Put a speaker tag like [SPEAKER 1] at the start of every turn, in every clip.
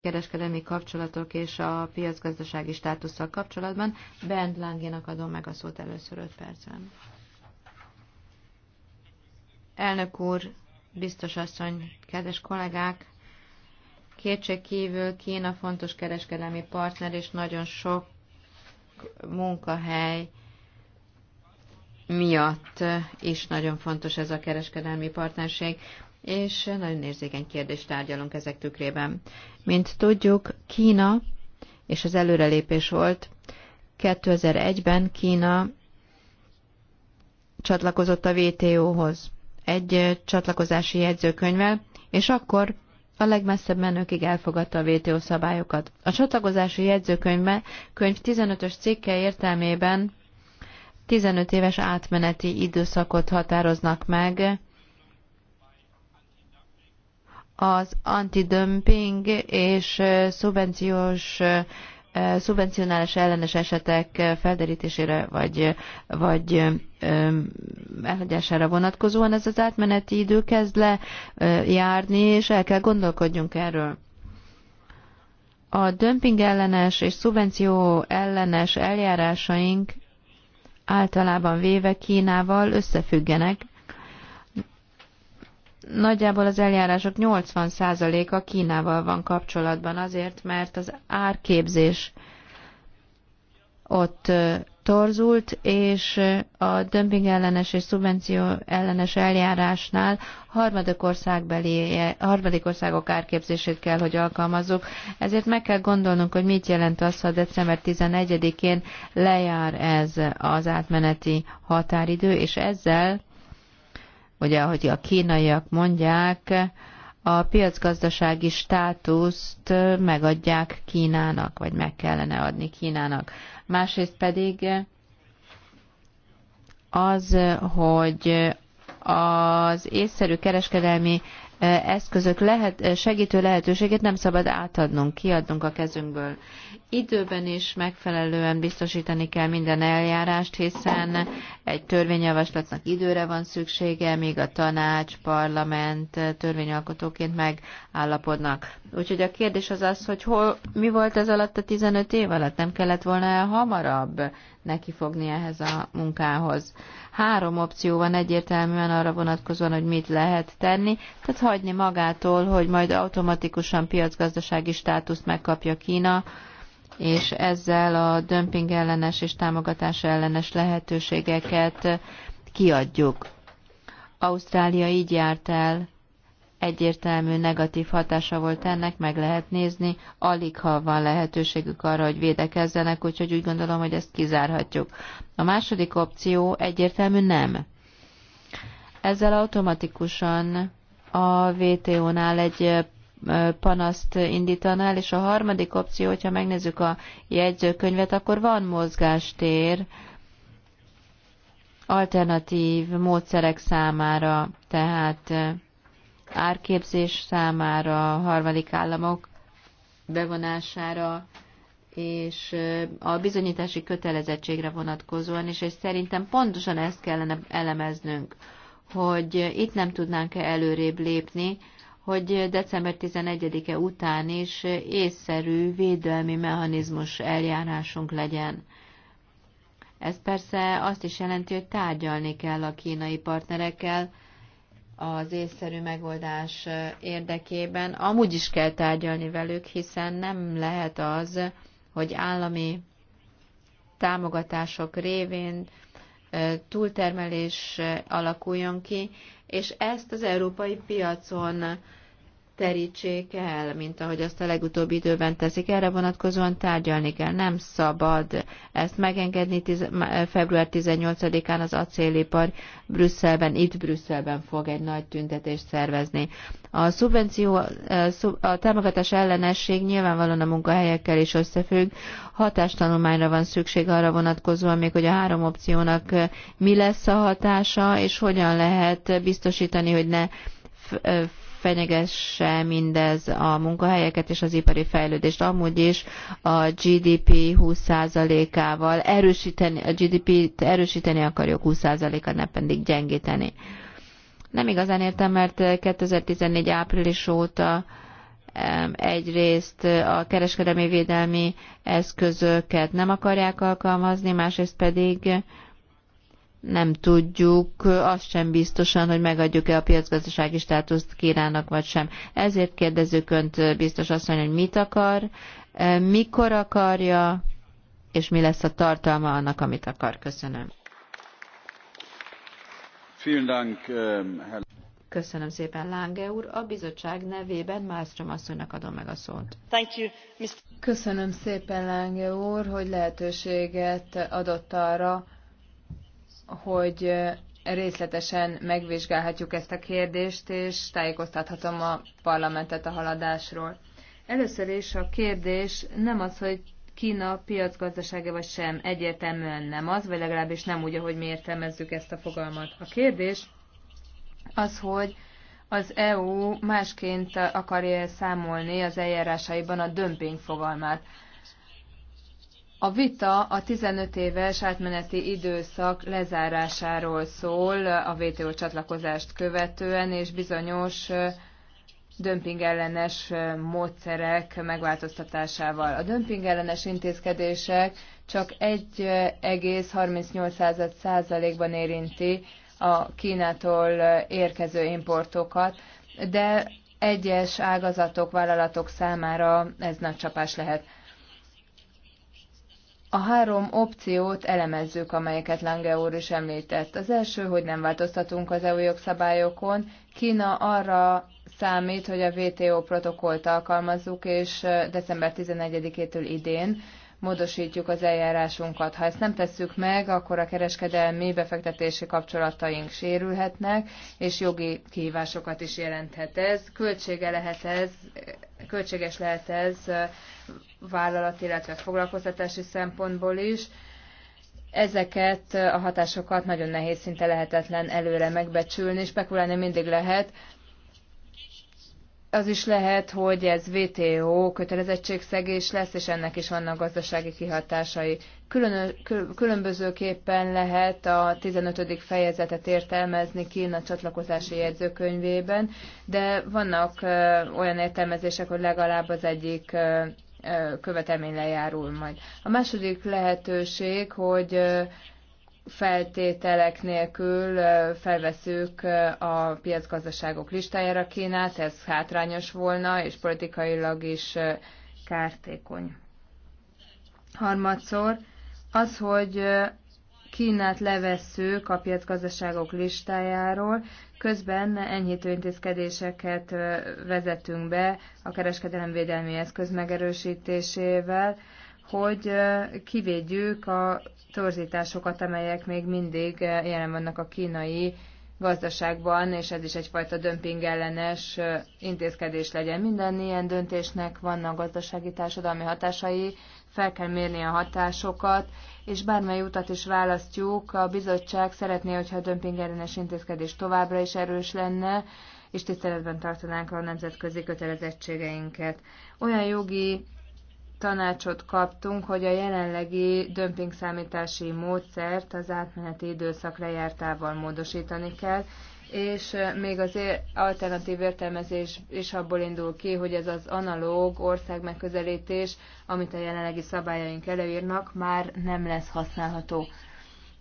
[SPEAKER 1] kereskedelmi kapcsolatok és a piacgazdasági státusszal kapcsolatban. Bernd Langénak adom meg a szót először 5 percben. Elnök úr, biztos asszony, kedves kollégák! Kétség kívül Kína fontos kereskedelmi partner, és nagyon sok munkahely miatt is nagyon fontos ez a kereskedelmi partnerség és nagyon érzékeny kérdést tárgyalunk ezek tükrében. Mint tudjuk, Kína, és az előrelépés volt, 2001-ben Kína csatlakozott a WTO-hoz egy csatlakozási jegyzőkönyvvel, és akkor a legmesszebb menőkig elfogadta a WTO szabályokat. A csatlakozási jegyzőkönyve könyv 15-ös cikke értelmében 15 éves átmeneti időszakot határoznak meg az antidömping és szubvenciós szubvencionális ellenes esetek felderítésére vagy, vagy elhagyására vonatkozóan ez az átmeneti idő kezd le járni, és el kell gondolkodjunk erről. A dömping ellenes és szubvenció ellenes eljárásaink általában véve Kínával összefüggenek, nagyjából az eljárások 80%-a Kínával van kapcsolatban, azért, mert az árképzés ott torzult, és a dömping ellenes és szubvenció ellenes eljárásnál harmadik, országbeli, eh, harmadik országok árképzését kell, hogy alkalmazzuk. Ezért meg kell gondolnunk, hogy mit jelent az, ha december 11-én lejár ez az átmeneti határidő, és ezzel ugye ahogy a kínaiak mondják, a piacgazdasági státuszt megadják Kínának, vagy meg kellene adni Kínának. Másrészt pedig az, hogy az észszerű kereskedelmi Eh, eszközök lehet, eh, segítő lehetőségét nem szabad átadnunk, kiadnunk a kezünkből. Időben is megfelelően biztosítani kell minden eljárást, hiszen egy törvényjavaslatnak időre van szüksége, míg a tanács, parlament eh, törvényalkotóként megállapodnak. Úgyhogy a kérdés az az, hogy hol, mi volt ez alatt a 15 év alatt? Nem kellett volna el hamarabb? nekifogni ehhez a munkához. Három opció van egyértelműen arra vonatkozóan, hogy mit lehet tenni, tehát hagyni magától, hogy majd automatikusan piacgazdasági státuszt megkapja Kína, és ezzel a dömping ellenes és támogatás ellenes lehetőségeket kiadjuk. Ausztrália így járt el egyértelmű negatív hatása volt ennek, meg lehet nézni, alig ha van lehetőségük arra, hogy védekezzenek, úgyhogy úgy gondolom, hogy ezt kizárhatjuk. A második opció egyértelmű nem. Ezzel automatikusan a VTO-nál egy panaszt indítanál, és a harmadik opció, hogyha megnézzük a jegyzőkönyvet, akkor van mozgástér alternatív módszerek számára, tehát árképzés számára, a harmadik államok bevonására, és a bizonyítási kötelezettségre vonatkozóan, és, és szerintem pontosan ezt kellene elemeznünk, hogy itt nem tudnánk-e előrébb lépni, hogy december 11-e után is észszerű védelmi mechanizmus eljárásunk legyen. Ez persze azt is jelenti, hogy tárgyalni kell a kínai partnerekkel, az észszerű megoldás érdekében. Amúgy is kell tárgyalni velük, hiszen nem lehet az, hogy állami támogatások révén túltermelés alakuljon ki, és ezt az európai piacon terítsék el, mint ahogy azt a legutóbbi időben teszik. Erre vonatkozóan tárgyalni kell. Nem szabad ezt megengedni. február 18-án az acélipar Brüsszelben, itt Brüsszelben fog egy nagy tüntetést szervezni. A szubvenció, eh, a támogatás ellenesség nyilvánvalóan a munkahelyekkel is összefügg. Hatástanulmányra van szükség arra vonatkozóan még, hogy a három opciónak eh, mi lesz a hatása, és hogyan lehet biztosítani, hogy ne eh, fenyegesse mindez a munkahelyeket és az ipari fejlődést. Amúgy is a GDP 20%-ával erősíteni, a GDP-t erősíteni akarjuk 20%-a, ne pedig gyengíteni. Nem igazán értem, mert 2014 április óta egyrészt a kereskedelmi védelmi eszközöket nem akarják alkalmazni, másrészt pedig nem tudjuk azt sem biztosan, hogy megadjuk-e a piacgazdasági státuszt Kínának vagy sem. Ezért kérdezzük Önt, biztos mondja, hogy mit akar, eh, mikor akarja, és mi lesz a tartalma annak, amit akar. Köszönöm.
[SPEAKER 2] Eh,
[SPEAKER 1] Köszönöm szépen, Lange úr. A bizottság nevében Mászrom asszonynak adom meg a szót.
[SPEAKER 2] Köszönöm szépen, Lange úr, hogy lehetőséget adott arra, hogy részletesen megvizsgálhatjuk ezt a kérdést, és tájékoztathatom a parlamentet a haladásról. Először is a kérdés nem az, hogy Kína piacgazdasága vagy sem, egyértelműen nem az, vagy legalábbis nem úgy, ahogy mi értelmezzük ezt a fogalmat. A kérdés az, hogy az EU másként akarja számolni az eljárásaiban a dömping fogalmát. A vita a 15 éves átmeneti időszak lezárásáról szól a WTO csatlakozást követően, és bizonyos dömping ellenes módszerek megváltoztatásával. A dömping ellenes intézkedések csak 1,38%-ban érinti a Kínától érkező importokat, de egyes ágazatok, vállalatok számára ez nagy csapás lehet a három opciót elemezzük, amelyeket Lange úr is említett. Az első, hogy nem változtatunk az EU jogszabályokon. Kína arra számít, hogy a WTO protokollt alkalmazzuk, és eh, december 11-től idén módosítjuk az eljárásunkat. Ha ezt nem tesszük meg, akkor a kereskedelmi befektetési kapcsolataink sérülhetnek, és jogi kihívásokat is jelenthet ez. Költsége lehet ez, költséges lehet ez vállalat, illetve foglalkoztatási szempontból is. Ezeket a hatásokat nagyon nehéz, szinte lehetetlen előre megbecsülni, spekulálni mindig lehet, az is lehet, hogy ez VTO kötelezettségszegés lesz, és ennek is vannak gazdasági kihatásai. Különö, különbözőképpen lehet a 15. fejezetet értelmezni Kína csatlakozási jegyzőkönyvében, de vannak olyan értelmezések, hogy legalább az egyik követelmény lejárul majd. A második lehetőség, hogy feltételek nélkül felveszük a piacgazdaságok listájára Kínát, ez hátrányos volna, és politikailag is kártékony. Harmadszor az, hogy Kínát levesszük a piacgazdaságok listájáról, közben enyhítő intézkedéseket vezetünk be a kereskedelemvédelmi eszköz megerősítésével, hogy kivédjük a torzításokat, amelyek még mindig eh, jelen vannak a kínai gazdaságban, és ez is egyfajta dömping ellenes eh, intézkedés legyen. Minden ilyen döntésnek vannak gazdasági társadalmi hatásai, fel kell mérni a hatásokat, és bármely utat is választjuk, a bizottság szeretné, hogyha a dömping ellenes intézkedés továbbra is erős lenne, és tiszteletben tartanánk a nemzetközi kötelezettségeinket. Olyan jogi tanácsot kaptunk, hogy a jelenlegi dömpingszámítási módszert az átmeneti időszak lejártával módosítani kell, és még az alternatív értelmezés is abból indul ki, hogy ez az analóg ország megközelítés, amit a jelenlegi szabályaink előírnak, már nem lesz használható.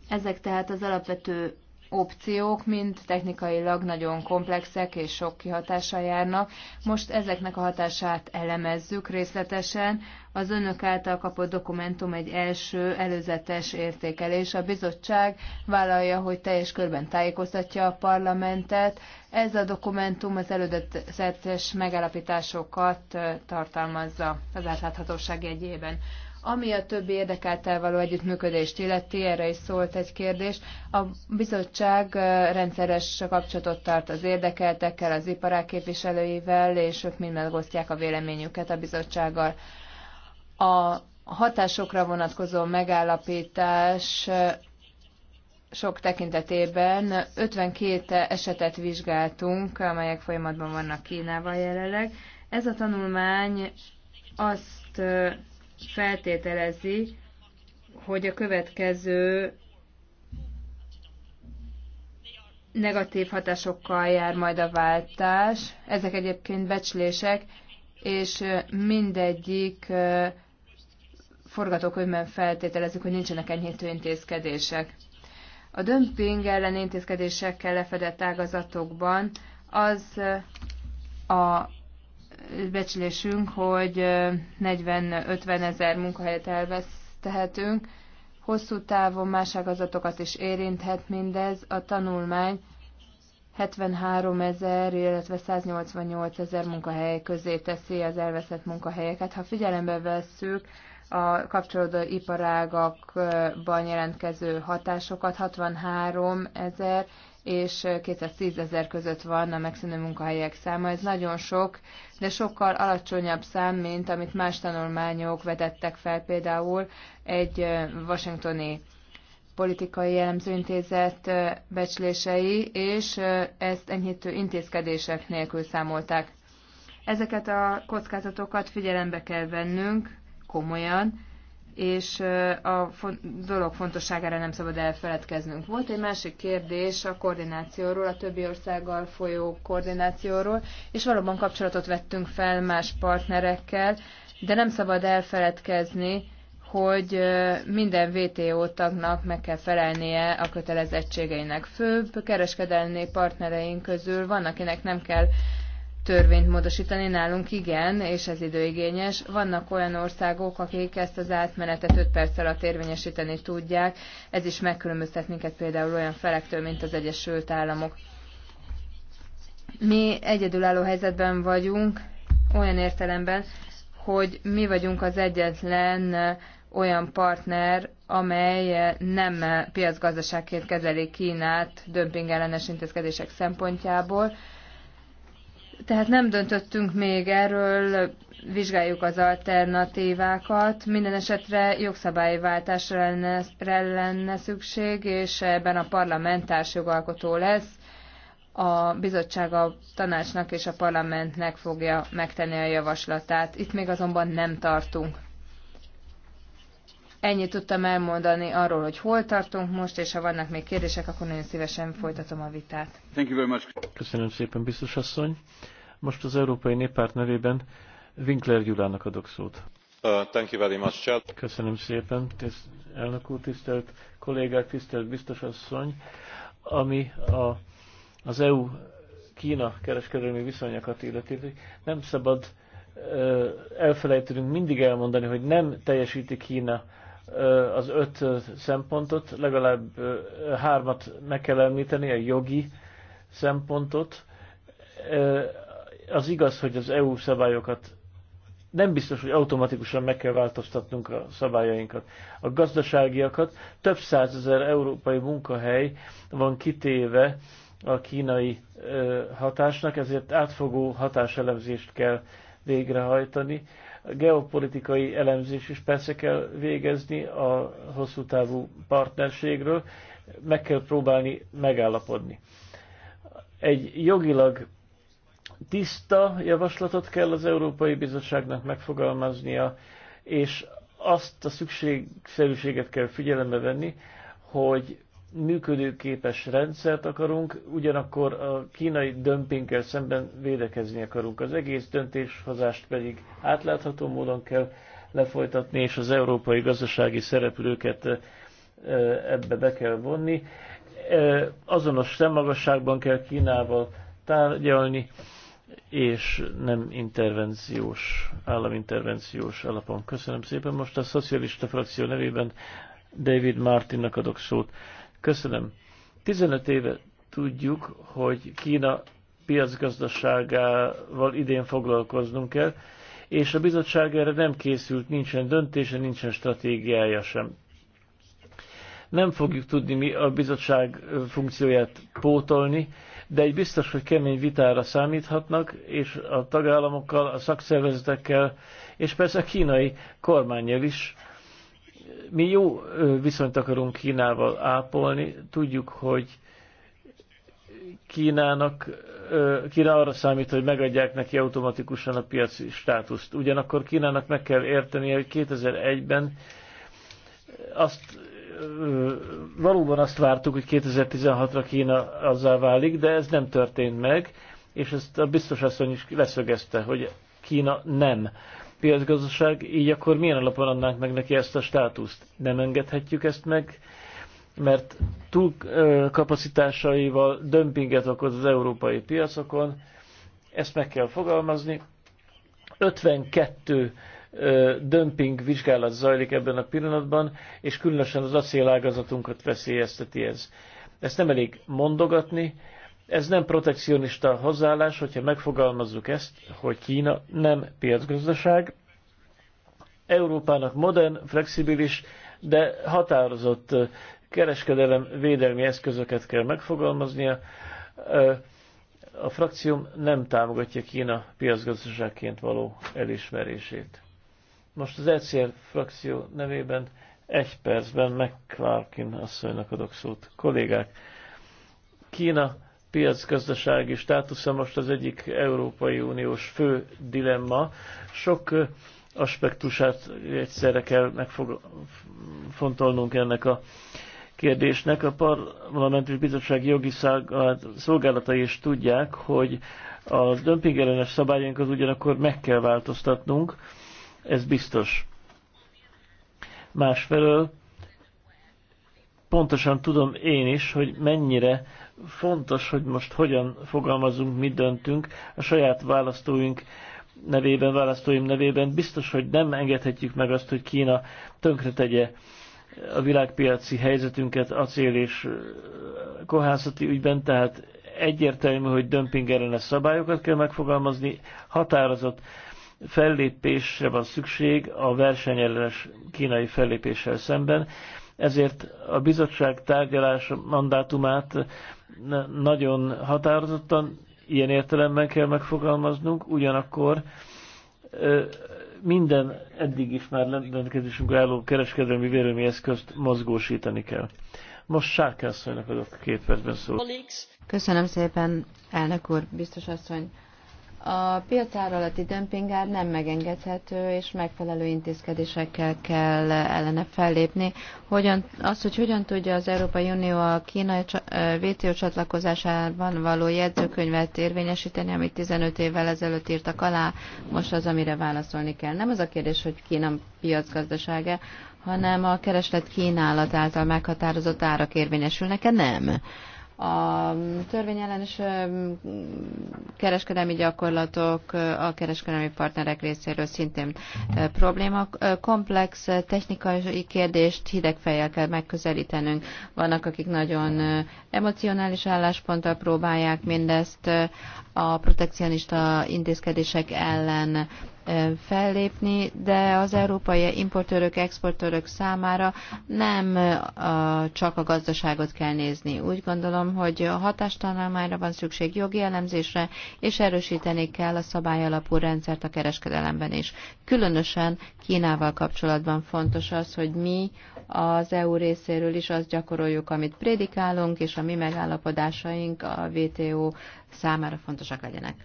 [SPEAKER 2] Ezek tehát az alapvető opciók mind technikailag nagyon komplexek és sok kihatással járnak. Most ezeknek a hatását elemezzük részletesen. Az önök által kapott dokumentum egy első előzetes értékelés. A bizottság vállalja, hogy teljes körben tájékoztatja a parlamentet. Ez a dokumentum az előzetes megállapításokat tartalmazza az átláthatóság jegyében. Ami a többi érdekeltel való együttműködést illeti, erre is szólt egy kérdés. A bizottság rendszeres kapcsolatot tart az érdekeltekkel, az iparák képviselőivel, és ők mind megosztják a véleményüket a bizottsággal. A hatásokra vonatkozó megállapítás sok tekintetében 52 esetet vizsgáltunk, amelyek folyamatban vannak Kínával jelenleg. Ez a tanulmány azt feltételezi, hogy a következő negatív hatásokkal jár majd a váltás. Ezek egyébként becslések, és mindegyik forgatókönyvben feltételezik, hogy nincsenek enyhítő intézkedések. A dömping ellen intézkedésekkel lefedett ágazatokban az a becslésünk, hogy 40-50 ezer munkahelyet elvesztehetünk. Hosszú távon más ágazatokat is érinthet mindez. A tanulmány 73 ezer, illetve 188 ezer munkahely közé teszi az elveszett munkahelyeket. Ha figyelembe vesszük a kapcsolódó iparágakban jelentkező hatásokat, 63 ezer, és 210 ezer között van a megszűnő munkahelyek száma. Ez nagyon sok, de sokkal alacsonyabb szám, mint amit más tanulmányok vetettek fel, például egy washingtoni politikai jellemzőintézet becslései, és ezt enyhítő intézkedések nélkül számolták. Ezeket a kockázatokat figyelembe kell vennünk komolyan, és a dolog fontosságára nem szabad elfeledkeznünk. Volt egy másik kérdés a koordinációról, a többi országgal folyó koordinációról, és valóban kapcsolatot vettünk fel más partnerekkel, de nem szabad elfeledkezni, hogy minden VTO tagnak meg kell felelnie a kötelezettségeinek. Főbb kereskedelmi partnereink közül van, akinek nem kell törvényt módosítani, nálunk igen, és ez időigényes. Vannak olyan országok, akik ezt az átmenetet 5 perc alatt érvényesíteni tudják, ez is megkülönböztet minket például olyan felektől, mint az Egyesült Államok. Mi egyedülálló helyzetben vagyunk, olyan értelemben, hogy mi vagyunk az egyetlen olyan partner, amely nem piacgazdaságként kezeli Kínát dömpingellenes intézkedések szempontjából, tehát nem döntöttünk még erről, vizsgáljuk az alternatívákat. Minden esetre jogszabályváltásra lenne, lenne szükség, és ebben a parlament társjogalkotó lesz. A bizottság a tanácsnak és a parlamentnek fogja megtenni a javaslatát. Itt még azonban nem tartunk. Ennyit tudtam elmondani arról, hogy hol tartunk most, és ha vannak még kérdések, akkor nagyon szívesen folytatom a vitát.
[SPEAKER 3] Thank you very much. Köszönöm szépen, biztos asszony. Most az Európai Néppárt nevében Winkler Gyulának adok szót. Uh, thank you very much, Chad. Köszönöm szépen, tiszt, elnök úr, tisztelt kollégák, tisztelt biztos asszony. Ami a, az EU Kína kereskedelmi viszonyokat illeti, nem szabad elfelejtenünk mindig elmondani, hogy nem teljesíti Kína az öt szempontot, legalább hármat meg kell említeni, a jogi szempontot. Az igaz, hogy az EU szabályokat nem biztos, hogy automatikusan meg kell változtatnunk a szabályainkat. A gazdaságiakat több százezer európai munkahely van kitéve a kínai hatásnak, ezért átfogó hatáselemzést kell végrehajtani geopolitikai elemzés is persze kell végezni a hosszú távú partnerségről, meg kell próbálni megállapodni. Egy jogilag tiszta javaslatot kell az Európai Bizottságnak megfogalmaznia, és azt a szükségszerűséget kell figyelembe venni, hogy működőképes rendszert akarunk, ugyanakkor a kínai dömpinggel szemben védekezni akarunk. Az egész döntéshozást pedig átlátható módon kell lefolytatni, és az európai gazdasági szereplőket ebbe be kell vonni. Azonos szemmagasságban kell Kínával tárgyalni, és nem intervenciós, államintervenciós alapon. Köszönöm szépen. Most a szocialista frakció nevében David Martinnak adok szót. Köszönöm. 15 éve tudjuk, hogy Kína piacgazdaságával idén foglalkoznunk kell, és a bizottság erre nem készült, nincsen döntése, nincsen stratégiája sem. Nem fogjuk tudni mi a bizottság funkcióját pótolni, de egy biztos, hogy kemény vitára számíthatnak, és a tagállamokkal, a szakszervezetekkel, és persze a kínai kormányjal is mi jó viszonyt akarunk Kínával ápolni, tudjuk, hogy Kínának, Kína arra számít, hogy megadják neki automatikusan a piaci státuszt. Ugyanakkor Kínának meg kell értenie, hogy 2001-ben azt valóban azt vártuk, hogy 2016-ra Kína azzá válik, de ez nem történt meg, és ezt a biztos asszony is leszögezte, hogy Kína nem piacgazdaság, így akkor milyen alapon adnánk meg neki ezt a státuszt? Nem engedhetjük ezt meg, mert túl kapacitásaival dömpinget okoz az európai piacokon, ezt meg kell fogalmazni. 52 dömping vizsgálat zajlik ebben a pillanatban, és különösen az acélágazatunkat veszélyezteti ez. Ezt nem elég mondogatni, ez nem protekcionista hozzáállás, hogyha megfogalmazzuk ezt, hogy Kína nem piacgazdaság. Európának modern, flexibilis, de határozott kereskedelem védelmi eszközöket kell megfogalmaznia. A frakcióm nem támogatja Kína piacgazdaságként való elismerését. Most az ECR frakció nevében egy percben McClarkin asszonynak adok szót. Kollégák, Kína piacgazdasági státusza most az egyik Európai Uniós fő dilemma. Sok aspektusát egyszerre kell megfontolnunk ennek a kérdésnek. A és Bizottság jogi szolgálatai is tudják, hogy a dömpingellenes szabályainkat ugyanakkor meg kell változtatnunk, ez biztos. Másfelől pontosan tudom én is, hogy mennyire fontos, hogy most hogyan fogalmazunk, mit döntünk. A saját választóink nevében, választóim nevében biztos, hogy nem engedhetjük meg azt, hogy Kína tönkretegye a világpiaci helyzetünket acél és kohászati ügyben, tehát egyértelmű, hogy dömping ellenes szabályokat kell megfogalmazni, határozott fellépésre van szükség a versenyellenes kínai fellépéssel szemben, ezért a bizottság tárgyalás mandátumát nagyon határozottan, ilyen értelemben kell megfogalmaznunk, ugyanakkor minden eddig is már rendelkezésünkre álló kereskedelmi vérőmi eszközt mozgósítani kell. Most Sárkászonynak adok két percben szót.
[SPEAKER 1] Köszönöm szépen, elnök úr, biztos asszony. A alatti dömpingár nem megengedhető, és megfelelő intézkedésekkel kell ellene fellépni. Hogyan, az, hogy hogyan tudja az Európai Unió a kínai WTO csatlakozásában való jegyzőkönyvet érvényesíteni, amit 15 évvel ezelőtt írtak alá, most az, amire válaszolni kell. Nem az a kérdés, hogy Kína piacgazdasága, hanem a kereslet kínálat által meghatározott árak érvényesülnek-e? Nem a törvényellenes kereskedelmi gyakorlatok a kereskedelmi partnerek részéről szintén probléma. Komplex technikai kérdést hidegfejjel kell megközelítenünk. Vannak, akik nagyon emocionális állásponttal próbálják mindezt a protekcionista intézkedések ellen fellépni, de az európai importőrök, exportőrök számára nem csak a gazdaságot kell nézni. Úgy gondolom, hogy a hatástanulmányra van szükség jogi elemzésre, és erősíteni kell a szabályalapú rendszert a kereskedelemben is. Különösen Kínával kapcsolatban fontos az, hogy mi az EU részéről is azt gyakoroljuk, amit prédikálunk, és a mi megállapodásaink a WTO számára fontosak
[SPEAKER 4] legyenek.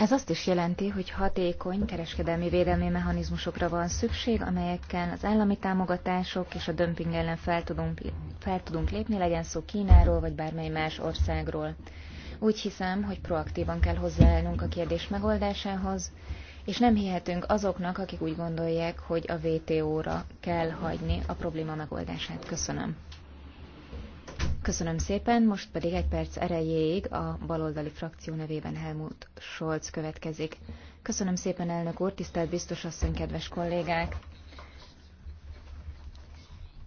[SPEAKER 4] Ez azt is jelenti, hogy hatékony kereskedelmi védelmi mechanizmusokra van szükség, amelyekkel az állami támogatások és a dömping ellen fel tudunk, fel tudunk lépni, legyen szó Kínáról vagy bármely más országról. Úgy hiszem, hogy proaktívan kell hozzáállnunk a kérdés megoldásához, és nem hihetünk azoknak, akik úgy gondolják, hogy a WTO-ra kell hagyni a probléma megoldását. Köszönöm. Köszönöm szépen, most pedig egy perc erejéig a baloldali frakció nevében Helmut Scholz következik. Köszönöm szépen, elnök úr, tisztelt biztos asszony, kedves kollégák!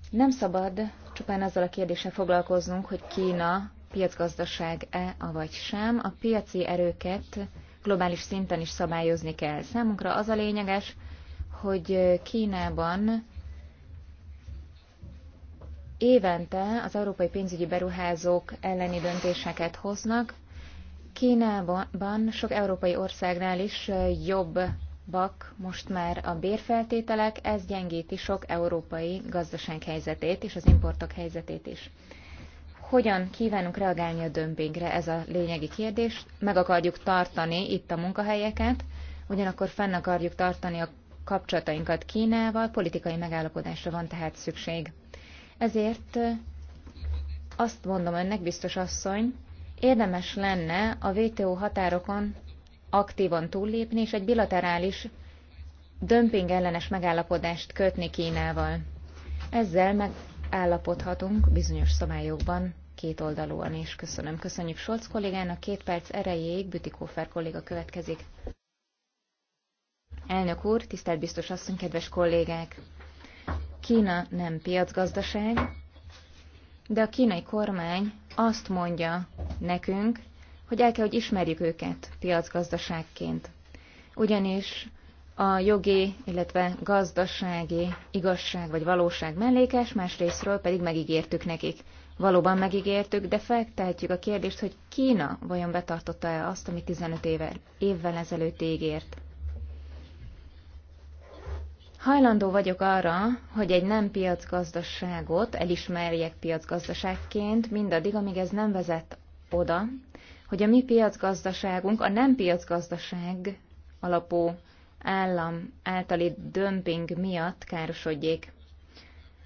[SPEAKER 4] Nem szabad csupán azzal a kérdéssel foglalkoznunk, hogy Kína piacgazdaság-e, avagy sem. A piaci erőket globális szinten is szabályozni kell. Számunkra az a lényeges, hogy Kínában évente az európai pénzügyi beruházók elleni döntéseket hoznak. Kínában sok európai országnál is jobbak most már a bérfeltételek, ez gyengíti sok európai gazdaság helyzetét és az importok helyzetét is. Hogyan kívánunk reagálni a dömpingre? Ez a lényegi kérdés. Meg akarjuk tartani itt a munkahelyeket, ugyanakkor fenn akarjuk tartani a kapcsolatainkat Kínával, politikai megállapodásra van tehát szükség. Ezért azt mondom önnek, biztos asszony, érdemes lenne a WTO határokon aktívan túllépni, és egy bilaterális dömping ellenes megállapodást kötni Kínával. Ezzel megállapodhatunk bizonyos szabályokban kétoldalúan is. Köszönöm. Köszönjük Solc kollégának. Két perc erejéig Bütikófer kolléga következik. Elnök úr, tisztelt biztos asszony, kedves kollégák! Kína nem piacgazdaság, de a kínai kormány azt mondja nekünk, hogy el kell, hogy ismerjük őket piacgazdaságként. Ugyanis a jogi, illetve gazdasági igazság vagy valóság mellékes, másrésztről pedig megígértük nekik. Valóban megígértük, de feltehetjük a kérdést, hogy Kína vajon betartotta-e azt, amit 15 éve, évvel ezelőtt ígért. Hajlandó vagyok arra, hogy egy nem piacgazdaságot elismerjek piacgazdaságként, mindaddig, amíg ez nem vezet oda, hogy a mi piacgazdaságunk a nem piacgazdaság alapú állam általi dömping miatt károsodjék.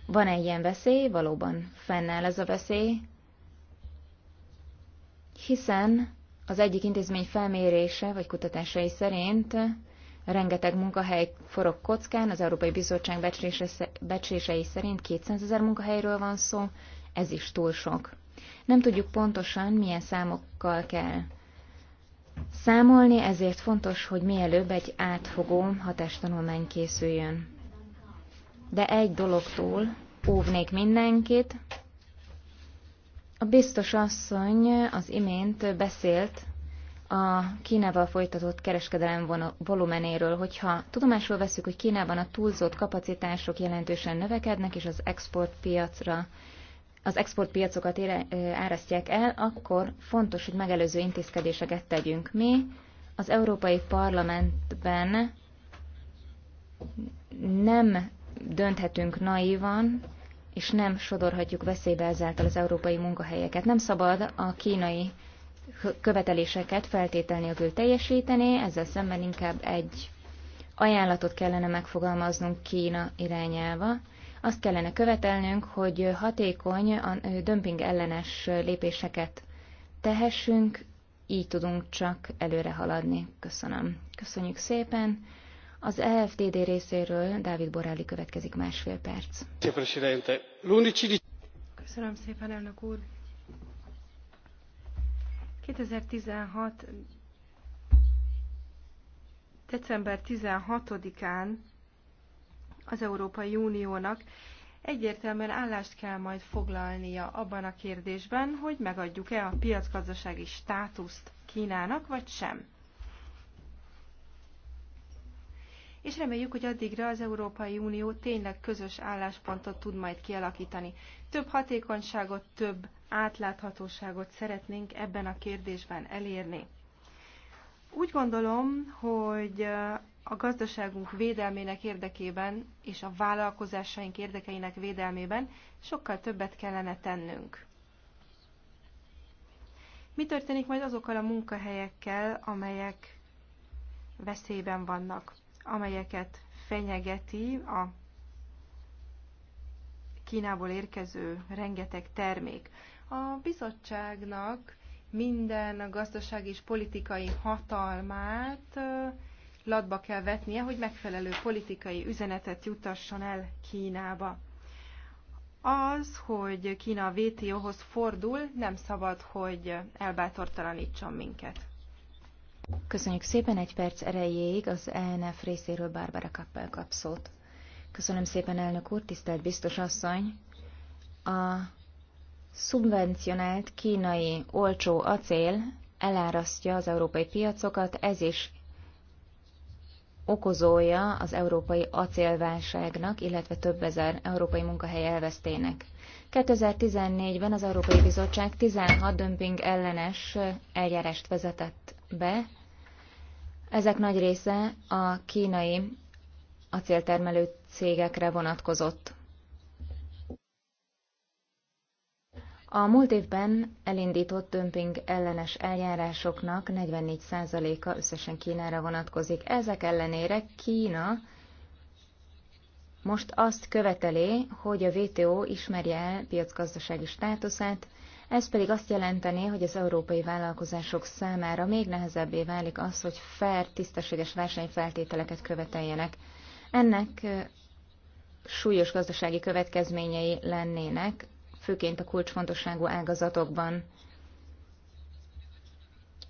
[SPEAKER 4] Van-e ilyen veszély? Valóban fennáll ez a veszély, hiszen az egyik intézmény felmérése vagy kutatásai szerint rengeteg munkahely forog kockán, az Európai Bizottság becslése, becslései szerint 200 ezer munkahelyről van szó, ez is túl sok. Nem tudjuk pontosan, milyen számokkal kell számolni, ezért fontos, hogy mielőbb egy átfogó hatástanulmány készüljön. De egy dologtól óvnék mindenkit. A biztos asszony az imént beszélt a Kínával folytatott kereskedelem volumenéről, hogyha tudomásul veszük, hogy Kínában a túlzott kapacitások jelentősen növekednek, és az exportpiacra az exportpiacokat árasztják el, akkor fontos, hogy megelőző intézkedéseket tegyünk. Mi az Európai Parlamentben nem dönthetünk naívan, és nem sodorhatjuk veszélybe ezáltal az európai munkahelyeket. Nem szabad a kínai követeléseket feltétel nélkül teljesítené, ezzel szemben inkább egy ajánlatot kellene megfogalmaznunk Kína irányába. Azt kellene követelnünk, hogy hatékony, a dömping ellenes lépéseket tehessünk, így tudunk csak előre haladni. Köszönöm. Köszönjük szépen. Az EFDD részéről Dávid Borelli következik másfél perc.
[SPEAKER 5] Köszönöm szépen, elnök úr. 2016. december 16-án az Európai Uniónak egyértelműen állást kell majd foglalnia abban a kérdésben, hogy megadjuk-e a piacgazdasági státuszt Kínának, vagy sem. és reméljük, hogy addigra az Európai Unió tényleg közös álláspontot tud majd kialakítani. Több hatékonyságot, több átláthatóságot szeretnénk ebben a kérdésben elérni. Úgy gondolom, hogy a gazdaságunk védelmének érdekében és a vállalkozásaink érdekeinek védelmében sokkal többet kellene tennünk. Mi történik majd azokkal a munkahelyekkel, amelyek veszélyben vannak? amelyeket fenyegeti a Kínából érkező rengeteg termék. A bizottságnak minden gazdasági és politikai hatalmát latba kell vetnie, hogy megfelelő politikai üzenetet jutasson el Kínába. Az, hogy Kína a WTO-hoz fordul, nem szabad, hogy elbátortalanítson minket.
[SPEAKER 4] Köszönjük szépen egy perc erejéig az ENF részéről Barbara Kappel kapszót. Köszönöm szépen, elnök úr, tisztelt biztos asszony. A szubvencionált kínai olcsó acél elárasztja az európai piacokat, ez is okozója az európai acélválságnak, illetve több ezer európai munkahely elvesztének. 2014-ben az Európai Bizottság 16 dömping ellenes eljárást vezetett be. Ezek nagy része a kínai acéltermelő cégekre vonatkozott. A múlt évben elindított dömping ellenes eljárásoknak 44%-a összesen Kínára vonatkozik. Ezek ellenére Kína most azt követeli, hogy a WTO ismerje el piacgazdasági státuszát, ez pedig azt jelentené, hogy az európai vállalkozások számára még nehezebbé válik az, hogy fair, tisztességes versenyfeltételeket követeljenek. Ennek súlyos gazdasági következményei lennének, főként a kulcsfontosságú ágazatokban.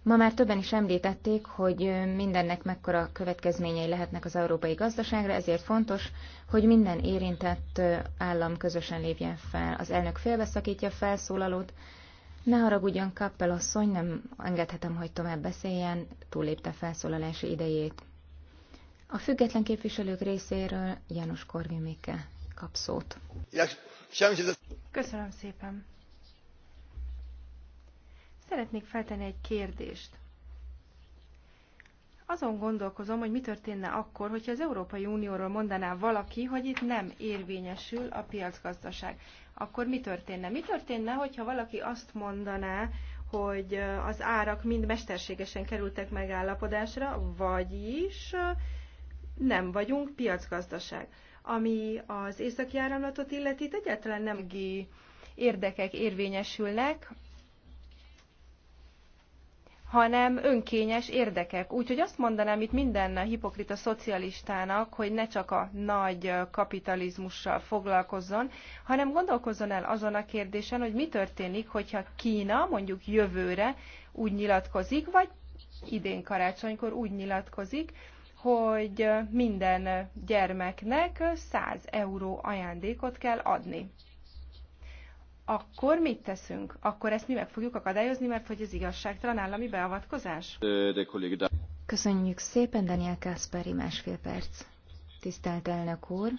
[SPEAKER 4] Ma már többen is említették, hogy mindennek mekkora következményei lehetnek az európai gazdaságra, ezért fontos, hogy minden érintett állam közösen lépjen fel. Az elnök félbeszakítja a felszólalót. Ne haragudjon, Kappel asszony, nem engedhetem, hogy tovább beszéljen, túllépte felszólalási idejét. A független képviselők részéről János Korvin Mikke kap szót.
[SPEAKER 5] Köszönöm szépen. Szeretnék feltenni egy kérdést. Azon gondolkozom, hogy mi történne akkor, hogyha az Európai Unióról mondaná valaki, hogy itt nem érvényesül a piacgazdaság. Akkor mi történne? Mi történne, hogyha valaki azt mondaná, hogy az árak mind mesterségesen kerültek megállapodásra, vagyis nem vagyunk piacgazdaság. Ami az északi áramlatot illeti, egyáltalán nem érdekek érvényesülnek, hanem önkényes érdekek. Úgyhogy azt mondanám itt minden hipokrita szocialistának, hogy ne csak a nagy kapitalizmussal foglalkozzon, hanem gondolkozzon el azon a kérdésen, hogy mi történik, hogyha Kína mondjuk jövőre úgy nyilatkozik, vagy idén karácsonykor úgy nyilatkozik, hogy minden gyermeknek 100 euró ajándékot kell adni akkor mit teszünk? Akkor ezt mi meg fogjuk akadályozni, mert hogy ez igazságtalan állami beavatkozás?
[SPEAKER 4] Köszönjük szépen, Daniel Kaspari, másfél perc. Tisztelt elnök úr,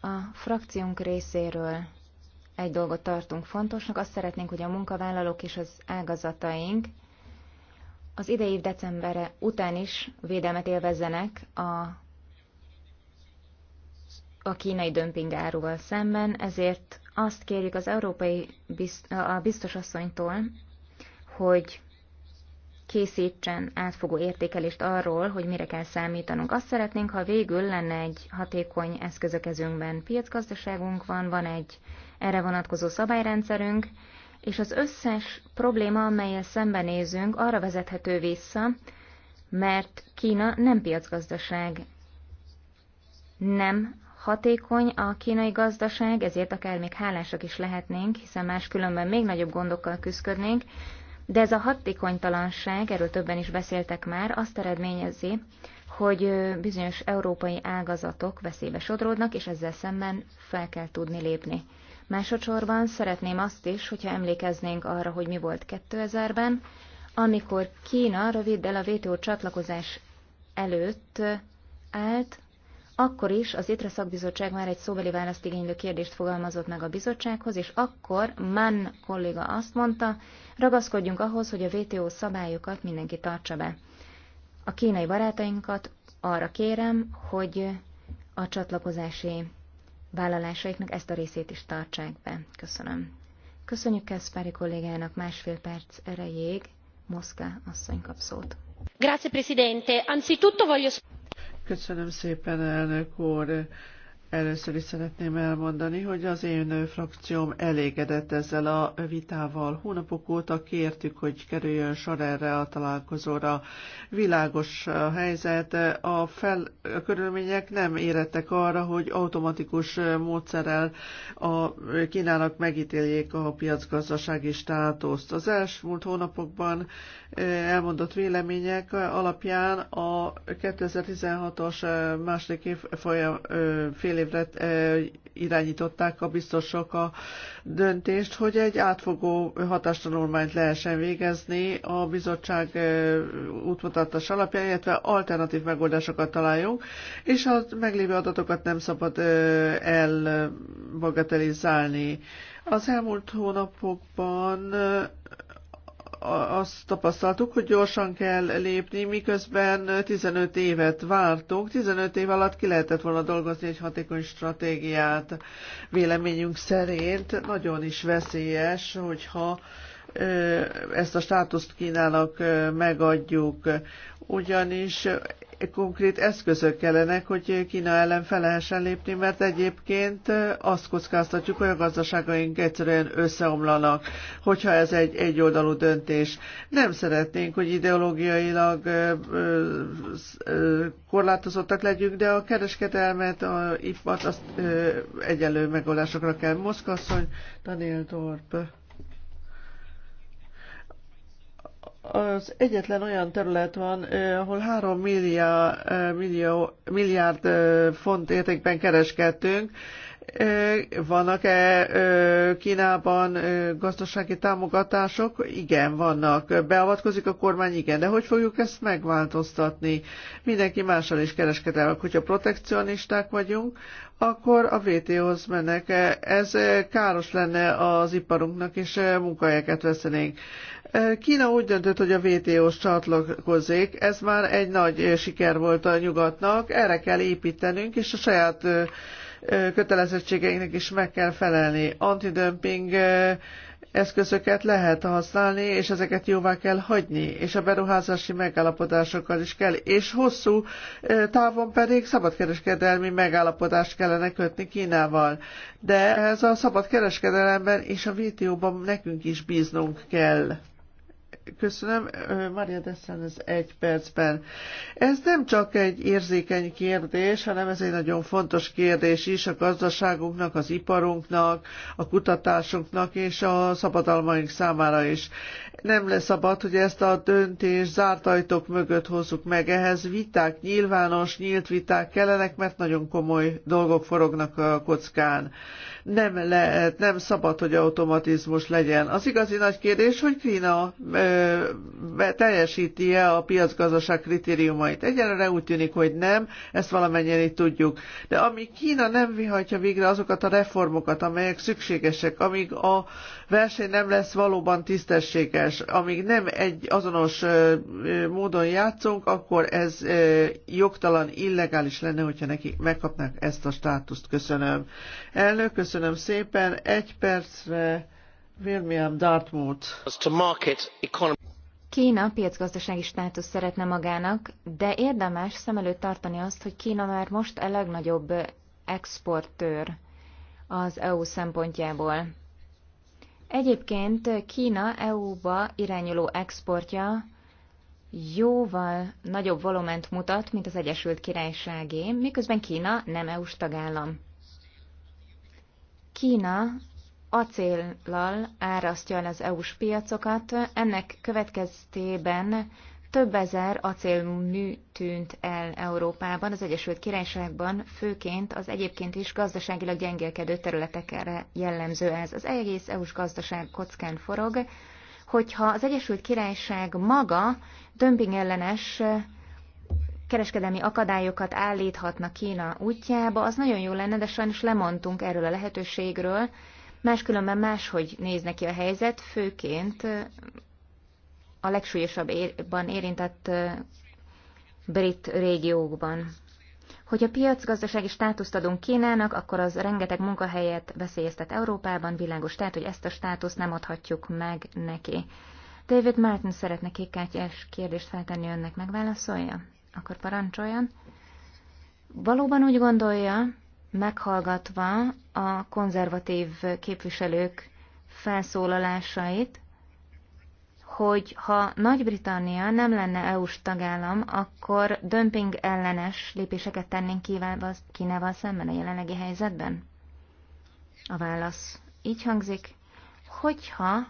[SPEAKER 4] a frakciónk részéről egy dolgot tartunk fontosnak, azt szeretnénk, hogy a munkavállalók és az ágazataink az idei év decembere után is védelmet élvezzenek a a kínai dömpingáruval szemben, ezért azt kérjük az európai bizt, a biztos asszonytól, hogy készítsen átfogó értékelést arról, hogy mire kell számítanunk. Azt szeretnénk, ha végül lenne egy hatékony eszköz a kezünkben. Piacgazdaságunk van, van egy erre vonatkozó szabályrendszerünk, és az összes probléma, amelyel szembenézünk, arra vezethető vissza, mert Kína nem piacgazdaság, nem hatékony a kínai gazdaság, ezért akár még hálásak is lehetnénk, hiszen máskülönben még nagyobb gondokkal küzdködnénk, de ez a hatékonytalanság, erről többen is beszéltek már, azt eredményezi, hogy bizonyos európai ágazatok veszélybe sodródnak, és ezzel szemben fel kell tudni lépni. Másodszorban szeretném azt is, hogyha emlékeznénk arra, hogy mi volt 2000-ben, amikor Kína röviddel a WTO csatlakozás előtt állt, akkor is az ITRE szakbizottság már egy szóbeli választ igénylő kérdést fogalmazott meg a bizottsághoz, és akkor Mann kolléga azt mondta, ragaszkodjunk ahhoz, hogy a WTO szabályokat mindenki tartsa be. A kínai barátainkat arra kérem, hogy a csatlakozási vállalásaiknak ezt a részét is tartsák be. Köszönöm. Köszönjük Kaspari kollégának másfél perc erejéig. Moszka asszony kap
[SPEAKER 6] szót.
[SPEAKER 5] Grazie, Presidente. Anzitutto voglio...
[SPEAKER 6] Köszönöm szépen, elnök úr. Először is szeretném elmondani, hogy az én frakcióm elégedett ezzel a vitával. Hónapok óta kértük, hogy kerüljön sor erre a találkozóra. Világos a helyzet, a, fel, a körülmények nem érettek arra, hogy automatikus módszerrel a kínálat megítéljék a piacgazdasági státuszt. Az elmúlt hónapokban elmondott vélemények alapján a 2016-os második év folyam, fél fél évre irányították a biztosok a döntést, hogy egy átfogó hatástanulmányt lehessen végezni a bizottság útmutatás alapján, illetve alternatív megoldásokat találjunk, és a meglévő adatokat nem szabad elbagatelizálni. Az elmúlt hónapokban azt tapasztaltuk, hogy gyorsan kell lépni, miközben 15 évet vártunk. 15 év alatt ki lehetett volna dolgozni egy hatékony stratégiát véleményünk szerint. Nagyon is veszélyes, hogyha ezt a státuszt Kínának megadjuk, ugyanis konkrét eszközök kellenek, hogy Kína ellen fel lehessen lépni, mert egyébként azt kockáztatjuk, hogy a gazdaságaink egyszerűen összeomlanak, hogyha ez egy egyoldalú döntés. Nem szeretnénk, hogy ideológiailag korlátozottak legyünk, de a kereskedelmet, a ipart, azt egyenlő megoldásokra kell. Moszkasszony, Daniel Dorp. az egyetlen olyan terület van, ahol 3 millió, millió, milliárd font értékben kereskedtünk. Vannak-e Kínában gazdasági támogatások? Igen, vannak. Beavatkozik a kormány? Igen. De hogy fogjuk ezt megváltoztatni? Mindenki mással is kereskedel. Hogyha protekcionisták vagyunk, akkor a VT-hoz mennek. Ez káros lenne az iparunknak, és munkahelyeket veszenénk. Kína úgy döntött, hogy a WTO-s csatlakozik, ez már egy nagy siker volt a nyugatnak, erre kell építenünk, és a saját kötelezettségeinknek is meg kell felelni. Antidömping eszközöket lehet használni, és ezeket jóvá kell hagyni, és a beruházási megállapodásokkal is kell, és hosszú távon pedig szabadkereskedelmi megállapodást kellene kötni Kínával. De ez a szabadkereskedelemben és a WTO-ban nekünk is bíznunk kell. Köszönöm, Maria Dessen, ez egy percben. Ez nem csak egy érzékeny kérdés, hanem ez egy nagyon fontos kérdés is a gazdaságunknak, az iparunknak, a kutatásunknak és a szabadalmaink számára is. Nem lesz szabad, hogy ezt a döntést zárt ajtók mögött hozzuk meg. Ehhez viták, nyilvános, nyílt viták kellenek, mert nagyon komoly dolgok forognak a kockán. Nem lehet, nem szabad, hogy automatizmus legyen. Az igazi nagy kérdés, hogy Kína ö, teljesíti-e a piacgazdaság kritériumait. Egyelőre úgy tűnik, hogy nem, ezt valamennyien itt tudjuk. De amíg Kína nem vihatja végre azokat a reformokat, amelyek szükségesek, amíg a verseny nem lesz valóban tisztességes, amíg nem egy azonos módon játszunk, akkor ez jogtalan, illegális lenne, hogyha nekik megkapnák ezt a státuszt. Köszönöm. Elnök, köszönöm szépen. Egy percre William Dartmouth.
[SPEAKER 4] Kína piacgazdasági státusz szeretne magának, de érdemes szem előtt tartani azt, hogy Kína már most a legnagyobb exportőr az EU szempontjából. Egyébként Kína EU-ba irányuló exportja jóval nagyobb volument mutat, mint az Egyesült Királyságé, miközben Kína nem EU-s tagállam. Kína acéllal árasztja el az EU-s piacokat, ennek következtében több ezer acélmű tűnt el Európában, az Egyesült Királyságban, főként az egyébként is gazdaságilag gyengélkedő területekre jellemző ez. Az egész EU-s gazdaság kockán forog, hogyha az Egyesült Királyság maga dömpingellenes kereskedelmi akadályokat állíthatna Kína útjába, az nagyon jó lenne, de sajnos lemondtunk erről a lehetőségről, Máskülönben máshogy néz neki a helyzet, főként a legsúlyosabban érintett brit régiókban. Hogyha piacgazdasági státuszt adunk Kínának, akkor az rengeteg munkahelyet veszélyeztet Európában, világos, tehát, hogy ezt a státuszt nem adhatjuk meg neki. David Martin szeretne kékkártyás kérdést feltenni önnek, megválaszolja? Akkor parancsoljon. Valóban úgy gondolja, meghallgatva a konzervatív képviselők felszólalásait, hogy ha Nagy-Britannia nem lenne EU-s tagállam, akkor dömping ellenes lépéseket tennénk Kínával szemben a jelenlegi helyzetben? A válasz így hangzik, hogyha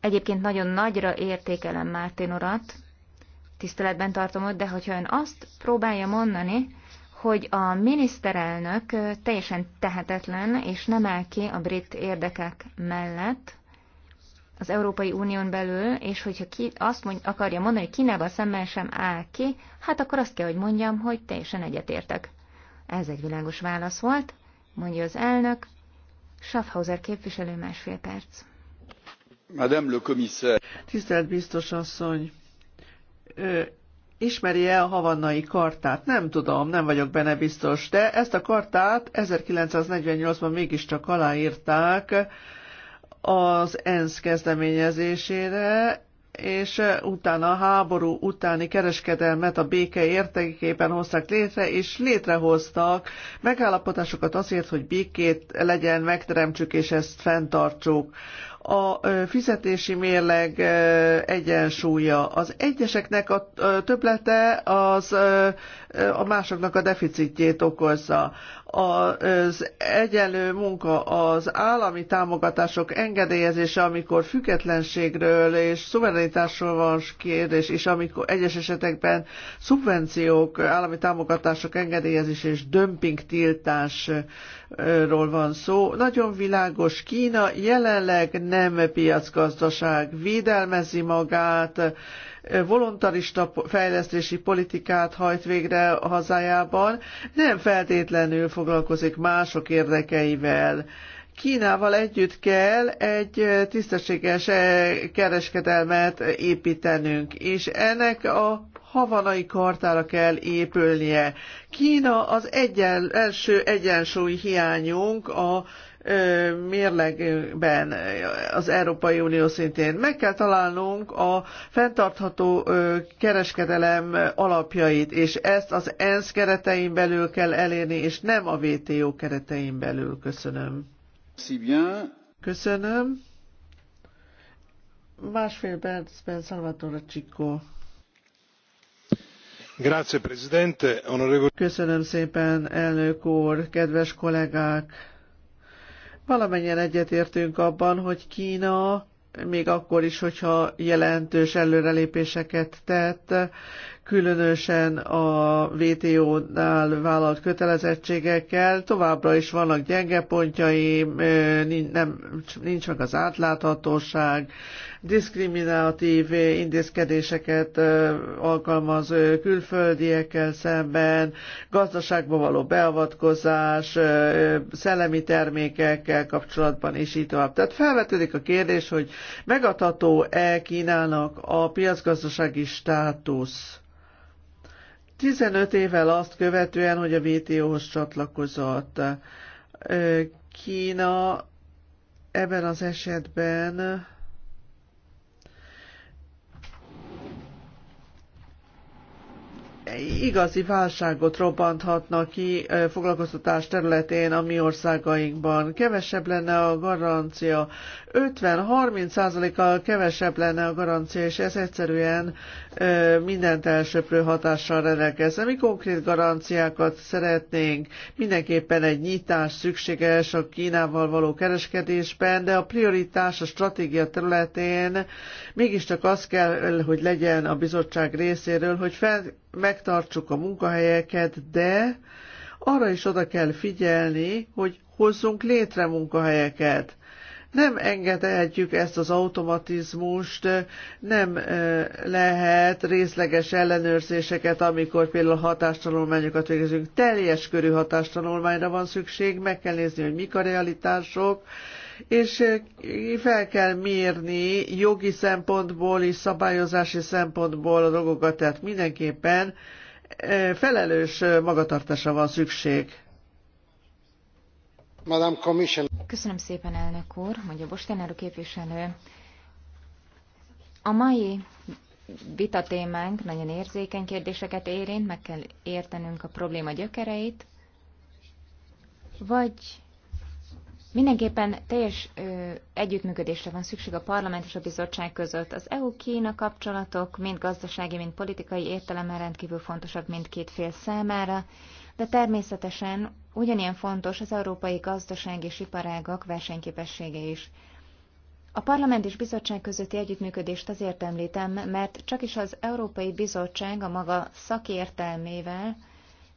[SPEAKER 4] egyébként nagyon nagyra értékelem Mártin urat, tiszteletben tartom őt, de hogyha ön azt próbálja mondani, hogy a miniszterelnök teljesen tehetetlen és nem áll ki a brit érdekek mellett az Európai Unión belül, és hogyha ki azt mond, akarja mondani, hogy Kínában szemmel sem áll ki, hát akkor azt kell, hogy mondjam, hogy teljesen egyetértek. Ez egy világos válasz volt, mondja az elnök. Schaffhauser
[SPEAKER 6] képviselő másfél perc. Madame le commissaire. Tisztelt biztos asszony, ismeri-e a havannai kartát? Nem tudom, nem vagyok benne biztos, de ezt a kartát 1948-ban mégiscsak aláírták az ENSZ kezdeményezésére, és utána a háború utáni kereskedelmet a béke értékében hozták létre, és létrehoztak megállapotásokat azért, hogy békét legyen, megteremtsük és ezt fenntartsuk a fizetési mérleg egyensúlya. Az egyeseknek a töblete az a másoknak a deficitjét okozza. Az egyenlő munka, az állami támogatások engedélyezése, amikor függetlenségről és szuverenitásról van kérdés, és amikor egyes esetekben szubvenciók, állami támogatások engedélyezése és dömping tiltás ról van szó. Nagyon világos, Kína jelenleg nem piacgazdaság, védelmezi magát, voluntarista fejlesztési politikát hajt végre a hazájában, nem feltétlenül foglalkozik mások érdekeivel. Kínával együtt kell egy tisztességes eh, kereskedelmet építenünk, és ennek a havanai kartára kell épülnie. Kína az egyen, első egyensúly hiányunk a mérlegben az Európai Unió szintén. Meg kell találnunk a fenntartható kereskedelem alapjait, és ezt az ENSZ keretein belül kell elérni, és nem a WTO keretein belül. Köszönöm. Köszönöm. Másfél percben Salvatore Csikó. Köszönöm szépen, elnök úr, kedves kollégák! Valamennyien egyetértünk abban, hogy Kína még akkor is, hogyha jelentős előrelépéseket tett, különösen a VTO-nál vállalt kötelezettségekkel. Továbbra is vannak gyenge pontjai, nem, nincs meg az átláthatóság, diszkriminatív intézkedéseket alkalmaz külföldiekkel szemben, gazdaságba való beavatkozás, szellemi termékekkel kapcsolatban és így tovább. Tehát felvetődik a kérdés, hogy megadható-e Kínának a piacgazdasági státusz? 15 évvel azt követően, hogy a WTO-hoz csatlakozott. Kína ebben az esetben igazi válságot robbanthatna ki foglalkoztatás területén a mi országainkban. Kevesebb lenne a garancia, 50-30%-kal kevesebb lenne a garancia, és ez egyszerűen mindent elsöprő hatással rendelkezne. Mi konkrét garanciákat szeretnénk? Mindenképpen egy nyitás szükséges a Kínával való kereskedésben, de a prioritás a stratégia területén mégiscsak az kell, hogy legyen a bizottság részéről, hogy fel megtartsuk a munkahelyeket, de arra is oda kell figyelni, hogy hozzunk létre munkahelyeket. Nem engedhetjük ezt az automatizmust, nem lehet részleges ellenőrzéseket, amikor például hatástanulmányokat végezünk. Teljes körű hatástanulmányra van szükség, meg kell nézni, hogy mik a realitások, és eh, fel kell mérni jogi szempontból és szabályozási szempontból a dolgokat, tehát mindenképpen eh, felelős eh, magatartásra van szükség.
[SPEAKER 4] Madame Commission. Köszönöm szépen, elnök úr, mondja Bostenáró képviselő. A mai vita témánk nagyon érzékeny kérdéseket érint, meg kell értenünk a probléma gyökereit, vagy Mindenképpen teljes ö, együttműködésre van szükség a parlament és a bizottság között. Az EU-Kína kapcsolatok mind gazdasági, mind politikai értelemben rendkívül fontosak mindkét fél számára, de természetesen ugyanilyen fontos az európai gazdaság és iparágak versenyképessége is. A parlament és bizottság közötti együttműködést azért említem, mert csak is az Európai Bizottság a maga szakértelmével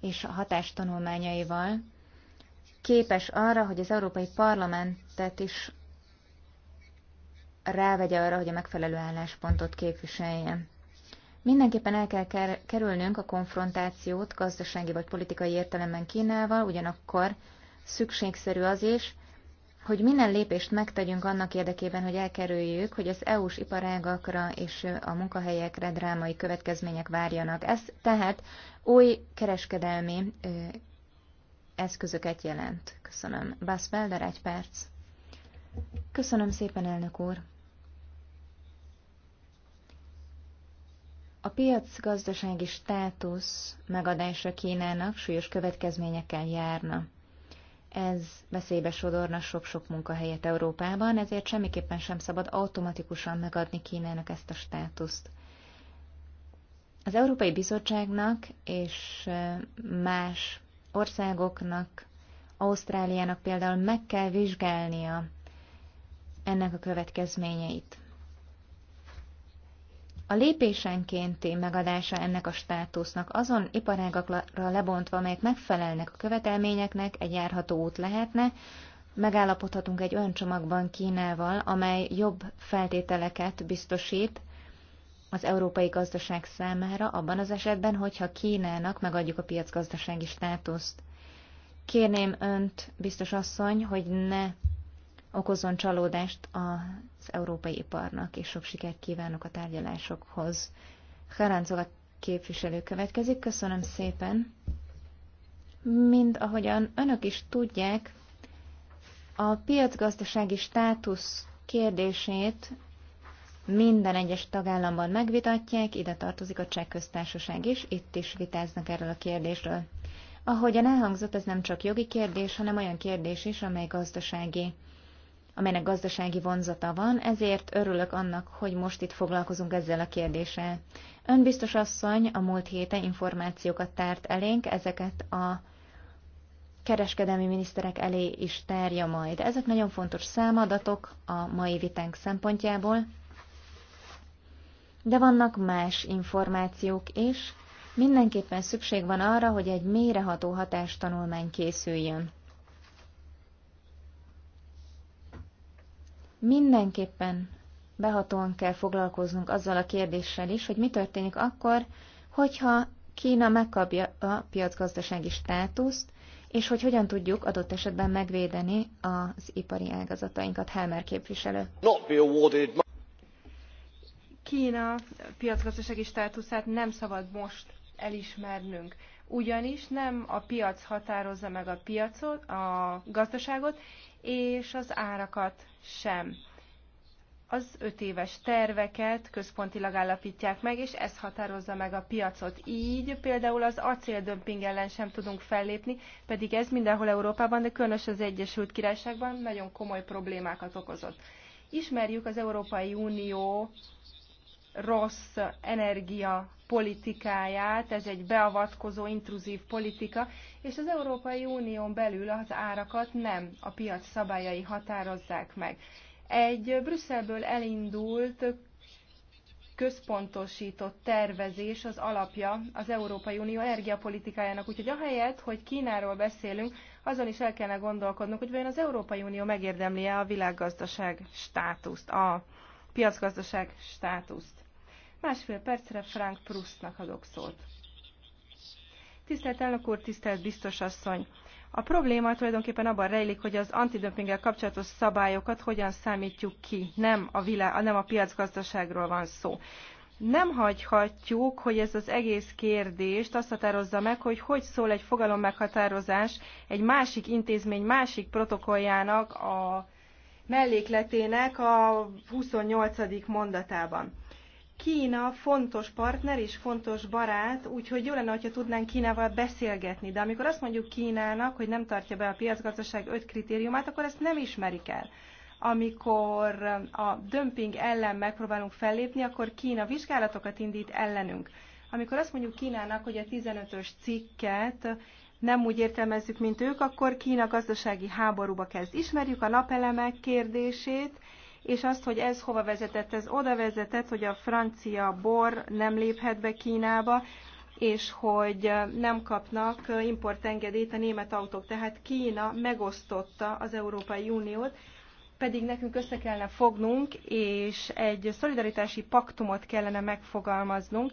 [SPEAKER 4] és a hatástanulmányaival képes arra, hogy az Európai Parlamentet is rávegye arra, hogy a megfelelő álláspontot képviselje. Mindenképpen el kell kerülnünk a konfrontációt gazdasági vagy politikai értelemben Kínával, ugyanakkor szükségszerű az is, hogy minden lépést megtegyünk annak érdekében, hogy elkerüljük, hogy az EU-s iparágakra és a munkahelyekre drámai következmények várjanak. Ez tehát új kereskedelmi eszközöket jelent. Köszönöm. Bász egy perc. Köszönöm szépen, elnök úr. A piacgazdasági státusz megadása Kínának súlyos következményekkel járna. Ez veszélybe sodorna sok-sok munkahelyet Európában, ezért semmiképpen sem szabad automatikusan megadni Kínának ezt a státuszt. Az Európai Bizottságnak és eh, más országoknak, Ausztráliának például meg kell vizsgálnia ennek a következményeit. A lépésenkénti megadása ennek a státusznak azon iparágakra lebontva, amelyek megfelelnek a követelményeknek, egy járható út lehetne, megállapodhatunk egy olyan csomagban Kínával, amely jobb feltételeket biztosít az európai gazdaság számára abban az esetben, hogyha Kínának megadjuk a piacgazdasági státuszt. Kérném önt, biztos asszony, hogy ne okozzon csalódást az európai iparnak, és sok sikert kívánok a tárgyalásokhoz. Haráncova képviselő következik, köszönöm szépen. Mint ahogyan önök is tudják, a piacgazdasági státusz kérdését minden egyes tagállamban megvitatják, ide tartozik a cseh köztársaság is, itt is vitáznak erről a kérdésről. Ahogyan elhangzott, ez nem csak jogi kérdés, hanem olyan kérdés is, amely gazdasági, amelynek gazdasági vonzata van, ezért örülök annak, hogy most itt foglalkozunk ezzel a kérdéssel. Ön biztos asszony a múlt héten információkat tárt elénk, ezeket a kereskedelmi miniszterek elé is tárja majd. Ezek nagyon fontos számadatok a mai vitánk szempontjából, de vannak más információk is, mindenképpen szükség van arra, hogy egy mélyreható hatástanulmány készüljön. Mindenképpen behatóan kell foglalkoznunk azzal a kérdéssel is, hogy mi történik akkor, hogyha Kína megkapja a piacgazdasági státuszt, és hogy hogyan tudjuk adott esetben megvédeni az ipari ágazatainkat, Helmer képviselő.
[SPEAKER 5] Kína piacgazdasági státuszát nem szabad most elismernünk. Ugyanis nem a piac határozza meg a piacot, a gazdaságot, és az árakat sem. Az öt éves terveket központilag állapítják meg, és ez határozza meg a piacot. Így például az acéldömping ellen sem tudunk fellépni, pedig ez mindenhol Európában, de különösen az Egyesült Királyságban nagyon komoly problémákat okozott. Ismerjük az Európai Unió rossz energia politikáját, ez egy beavatkozó, intruzív politika, és az Európai Unión belül az árakat nem a piac szabályai határozzák meg. Egy Brüsszelből elindult központosított tervezés az alapja az Európai Unió energiapolitikájának. Úgyhogy ahelyett, hogy Kínáról beszélünk, azon is el kellene gondolkodnunk, hogy vajon az Európai Unió megérdemli-e a világgazdaság státuszt, a piacgazdaság státuszt. Másfél percre Frank Prusznak adok szót. Tisztelt elnök úr, tisztelt biztos asszony! A probléma tulajdonképpen abban rejlik, hogy az antidömpinggel kapcsolatos szabályokat hogyan számítjuk ki. Nem a, világ, nem a piacgazdaságról van szó. Nem hagyhatjuk, hogy ez az egész kérdést azt határozza meg, hogy hogy szól egy fogalom meghatározás egy másik intézmény másik protokolljának a mellékletének a 28. mondatában Kína fontos partner és fontos barát, úgyhogy jó lenne, hogyha tudnánk Kínával beszélgetni. De amikor azt mondjuk Kínának, hogy nem tartja be a piacgazdaság öt kritériumát, akkor ezt nem ismerik el. Amikor a dömping ellen megpróbálunk fellépni, akkor Kína vizsgálatokat indít ellenünk. Amikor azt mondjuk Kínának, hogy a 15-ös cikket nem úgy értelmezzük, mint ők, akkor Kína gazdasági háborúba kezd. Ismerjük a napelemek kérdését, és azt, hogy ez hova vezetett. Ez oda vezetett, hogy a francia bor nem léphet be Kínába, és hogy nem kapnak importengedélyt a német autók. Tehát Kína megosztotta az Európai Uniót, pedig nekünk össze kellene fognunk, és egy szolidaritási paktumot kellene megfogalmaznunk.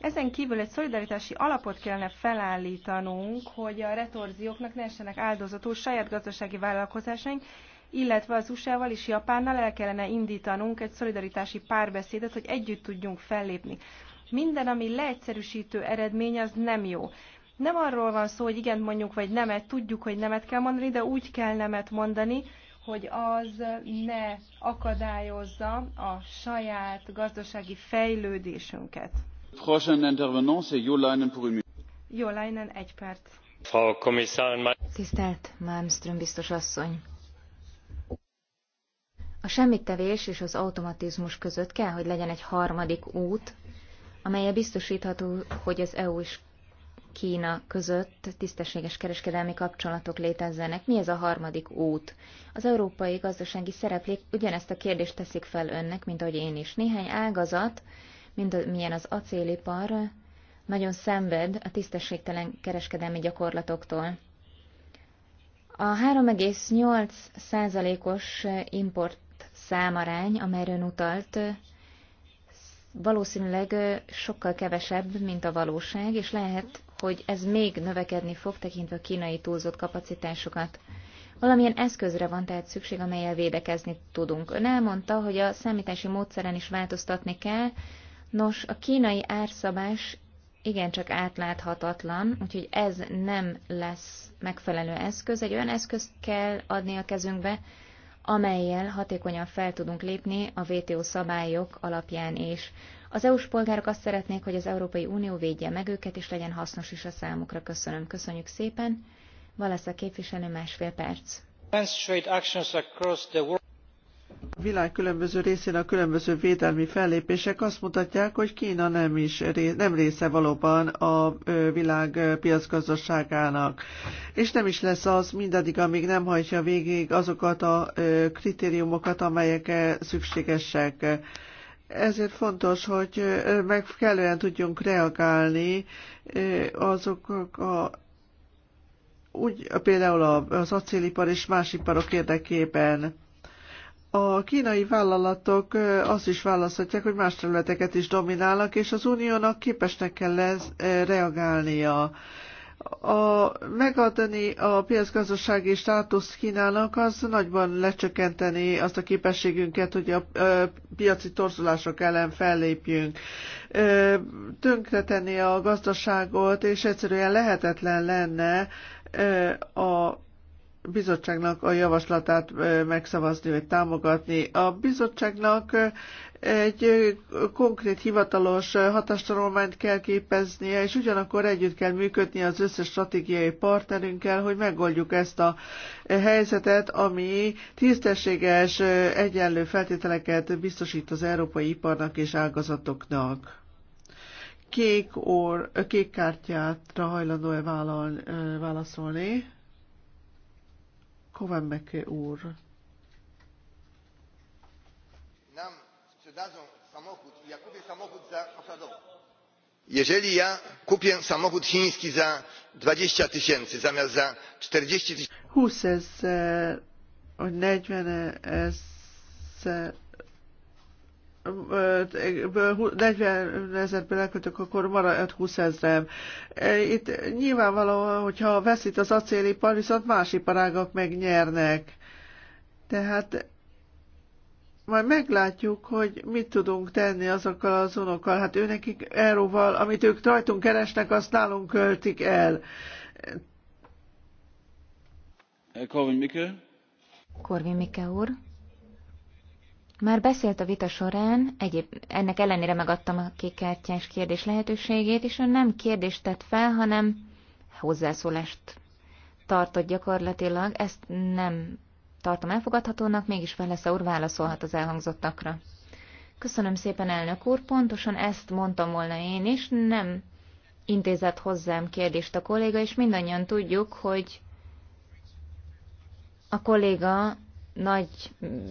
[SPEAKER 5] Ezen kívül egy szolidaritási alapot kellene felállítanunk, hogy a retorzióknak ne essenek áldozatul saját gazdasági vállalkozásaink, illetve az USA-val és Japánnal el kellene indítanunk egy szolidaritási párbeszédet, hogy együtt tudjunk fellépni. Minden, ami leegyszerűsítő eredmény, az nem jó. Nem arról van szó, hogy igen mondjuk, vagy nemet, tudjuk, hogy nemet kell mondani, de úgy kell nemet mondani, hogy az ne akadályozza a saját gazdasági fejlődésünket. Jó, Leinen, egy perc. Tisztelt Malmström biztos asszony!
[SPEAKER 4] A semmittevés és az automatizmus között kell, hogy legyen egy harmadik út, amelye biztosítható, hogy az EU és Kína között tisztességes kereskedelmi kapcsolatok létezzenek. Mi ez a harmadik út? Az európai gazdasági szereplők ugyanezt a kérdést teszik fel önnek, mint ahogy én is. Néhány ágazat, mint a, milyen az acélipar, nagyon szenved a tisztességtelen kereskedelmi gyakorlatoktól. A 3,8 százalékos import számarány, amelyre utalt, valószínűleg sokkal kevesebb, mint a valóság, és lehet, hogy ez még növekedni fog, tekintve a kínai túlzott kapacitásokat. Valamilyen eszközre van tehát szükség, amelyel védekezni tudunk. Ön elmondta, hogy a számítási módszeren is változtatni kell. Nos, a kínai árszabás igencsak átláthatatlan, úgyhogy ez nem lesz megfelelő eszköz. Egy olyan eszközt kell adni a kezünkbe, amelyel hatékonyan fel tudunk lépni a WTO szabályok alapján is. Az EU-s polgárok azt szeretnék, hogy az Európai Unió védje meg őket, és legyen hasznos is a számukra. Köszönöm. Köszönjük szépen. Valasz a képviselő másfél perc.
[SPEAKER 6] A világ különböző részén a különböző védelmi fellépések azt mutatják, hogy Kína nem is nem része valóban a világ piacgazdaságának. És nem is lesz az mindaddig, amíg nem hajtja végig azokat a kritériumokat, amelyek szükségesek. Ezért fontos, hogy meg kellően tudjunk reagálni azok a úgy például az acélipar és más iparok érdekében a kínai vállalatok azt is választhatják, hogy más területeket is dominálnak, és az uniónak képesnek kell ez, reagálnia a, megadni a piacgazdasági státuszt Kínának, az nagyban lecsökkenteni azt a képességünket, hogy a, a piaci torzulások ellen fellépjünk. Tönkretenni a gazdaságot, és egyszerűen lehetetlen lenne a bizottságnak a javaslatát megszavazni vagy támogatni. A bizottságnak egy konkrét hivatalos hatástanulmányt kell képeznie, és ugyanakkor együtt kell működni az összes stratégiai partnerünkkel, hogy megoldjuk ezt a helyzetet, ami tisztességes, egyenlő feltételeket biztosít az európai iparnak és ágazatoknak. Kék, or, kék kártyát hajlandó-e válaszolni? Kovembeke úr.
[SPEAKER 3] Nam sprzedadzą samochód ja kupię samochód za fasadowo. Jeżeli ja kupię samochód chiński za 20 tysięcy zamiast za 40 tysięcy...
[SPEAKER 6] 20 ezer, vagy 40 ezer 40 ezerből elköltök, akkor marad 20 ezerem. E, itt nyilvánvalóan, hogyha veszít az acélipar, viszont más iparágak megnyernek. Tehát majd meglátjuk, hogy mit tudunk tenni azokkal az unokkal. Hát őnekik euróval, amit ők rajtunk keresnek, azt nálunk költik el.
[SPEAKER 2] Korvin Mikke?
[SPEAKER 6] Korvin Mikke úr.
[SPEAKER 4] Már beszélt a vita során, egyéb, ennek ellenére megadtam a kékkártyás kérdés lehetőségét, és ő nem kérdést tett fel, hanem hozzászólást tartott gyakorlatilag. Ezt nem tartom elfogadhatónak, mégis Velesza úr válaszolhat az elhangzottakra. Köszönöm szépen, elnök úr, pontosan ezt mondtam volna én is, nem intézett hozzám kérdést a kolléga, és mindannyian tudjuk, hogy a kolléga nagy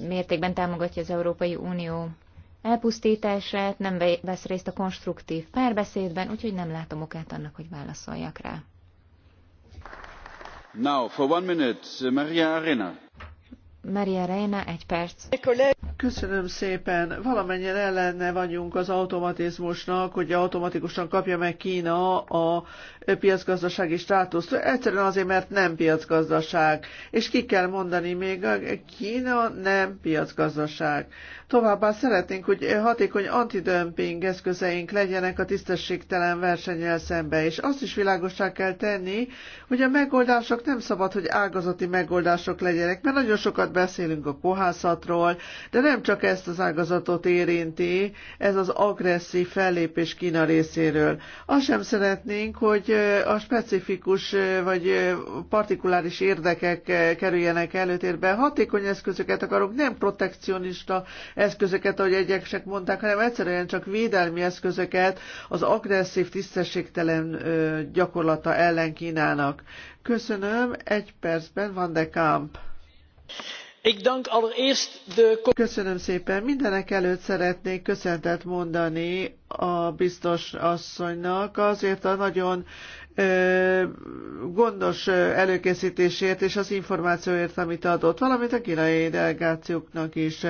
[SPEAKER 4] mértékben támogatja az Európai Unió elpusztítását, nem vesz részt a konstruktív párbeszédben, úgyhogy nem látom okát annak, hogy válaszoljak rá.
[SPEAKER 2] Now, for one minute, Maria Arena.
[SPEAKER 6] Maria Arena, egy perc. Köszönöm szépen. Valamennyien ellene vagyunk az automatizmusnak, hogy automatikusan kapja meg Kína a piacgazdasági státuszt. Egyszerűen azért, mert nem piacgazdaság. És ki kell mondani még, Kína nem piacgazdaság. Továbbá szeretnénk, hogy hatékony antidömping eszközeink legyenek a tisztességtelen versenyel szembe, és azt is világosá kell tenni, hogy a megoldások nem szabad, hogy ágazati megoldások legyenek, mert nagyon sokat beszélünk a kohászatról, de nem csak ezt az ágazatot érinti, ez az agresszív fellépés Kína részéről. Azt sem szeretnénk, hogy a specifikus vagy partikuláris érdekek kerüljenek előtérbe. Hatékony eszközöket akarunk, nem protekcionista eszközöket, ahogy egyesek mondták, hanem egyszerűen csak védelmi eszközöket az agresszív, tisztességtelen gyakorlata ellen kínálnak. Köszönöm, egy percben van de Kamp. Köszönöm szépen. előtt szeretnék köszöntet mondani a biztos asszonynak azért a nagyon gondos előkészítésért és az információért, amit adott, valamint a kínai delegációknak is.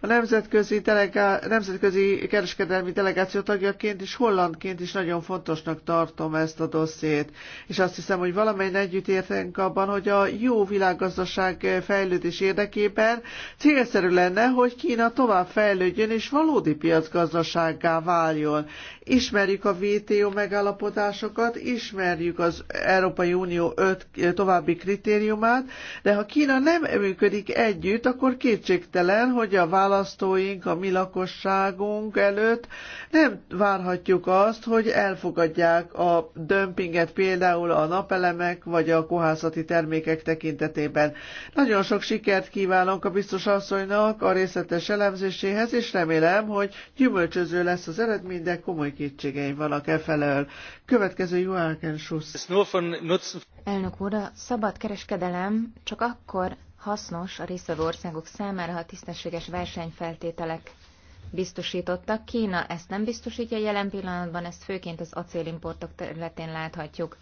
[SPEAKER 6] A nemzetközi, delegá- nemzetközi kereskedelmi delegáció tagjaként és hollandként is nagyon fontosnak tartom ezt a dossziét, és azt hiszem, hogy valamelyen együtt értünk abban, hogy a jó világgazdaság fejlődés érdekében célszerű lenne, hogy Kína tovább fejlődjön és valódi piacgazdasággá váljon, ismerjük a WTO megállapodásokat, ismerjük az Európai Unió öt további kritériumát, de ha Kína nem működik együtt, akkor kétségtelen, hogy a választóink, a mi lakosságunk előtt nem várhatjuk azt, hogy elfogadják a dömpinget például a napelemek vagy a kohászati termékek tekintetében. Nagyon sok sikert kívánok a biztos asszonynak a részletes elemzéséhez, és remélem, hogy gyümölcsöző lesz az eredmény, de komoly kétségeim vannak e felől. Következő Joachim Schuss. Elnök úr, a
[SPEAKER 4] szabad kereskedelem csak akkor hasznos a részvevő országok számára, ha tisztességes versenyfeltételek biztosítottak. Kína ezt nem biztosítja jelen pillanatban, ezt főként az acélimportok területén láthatjuk.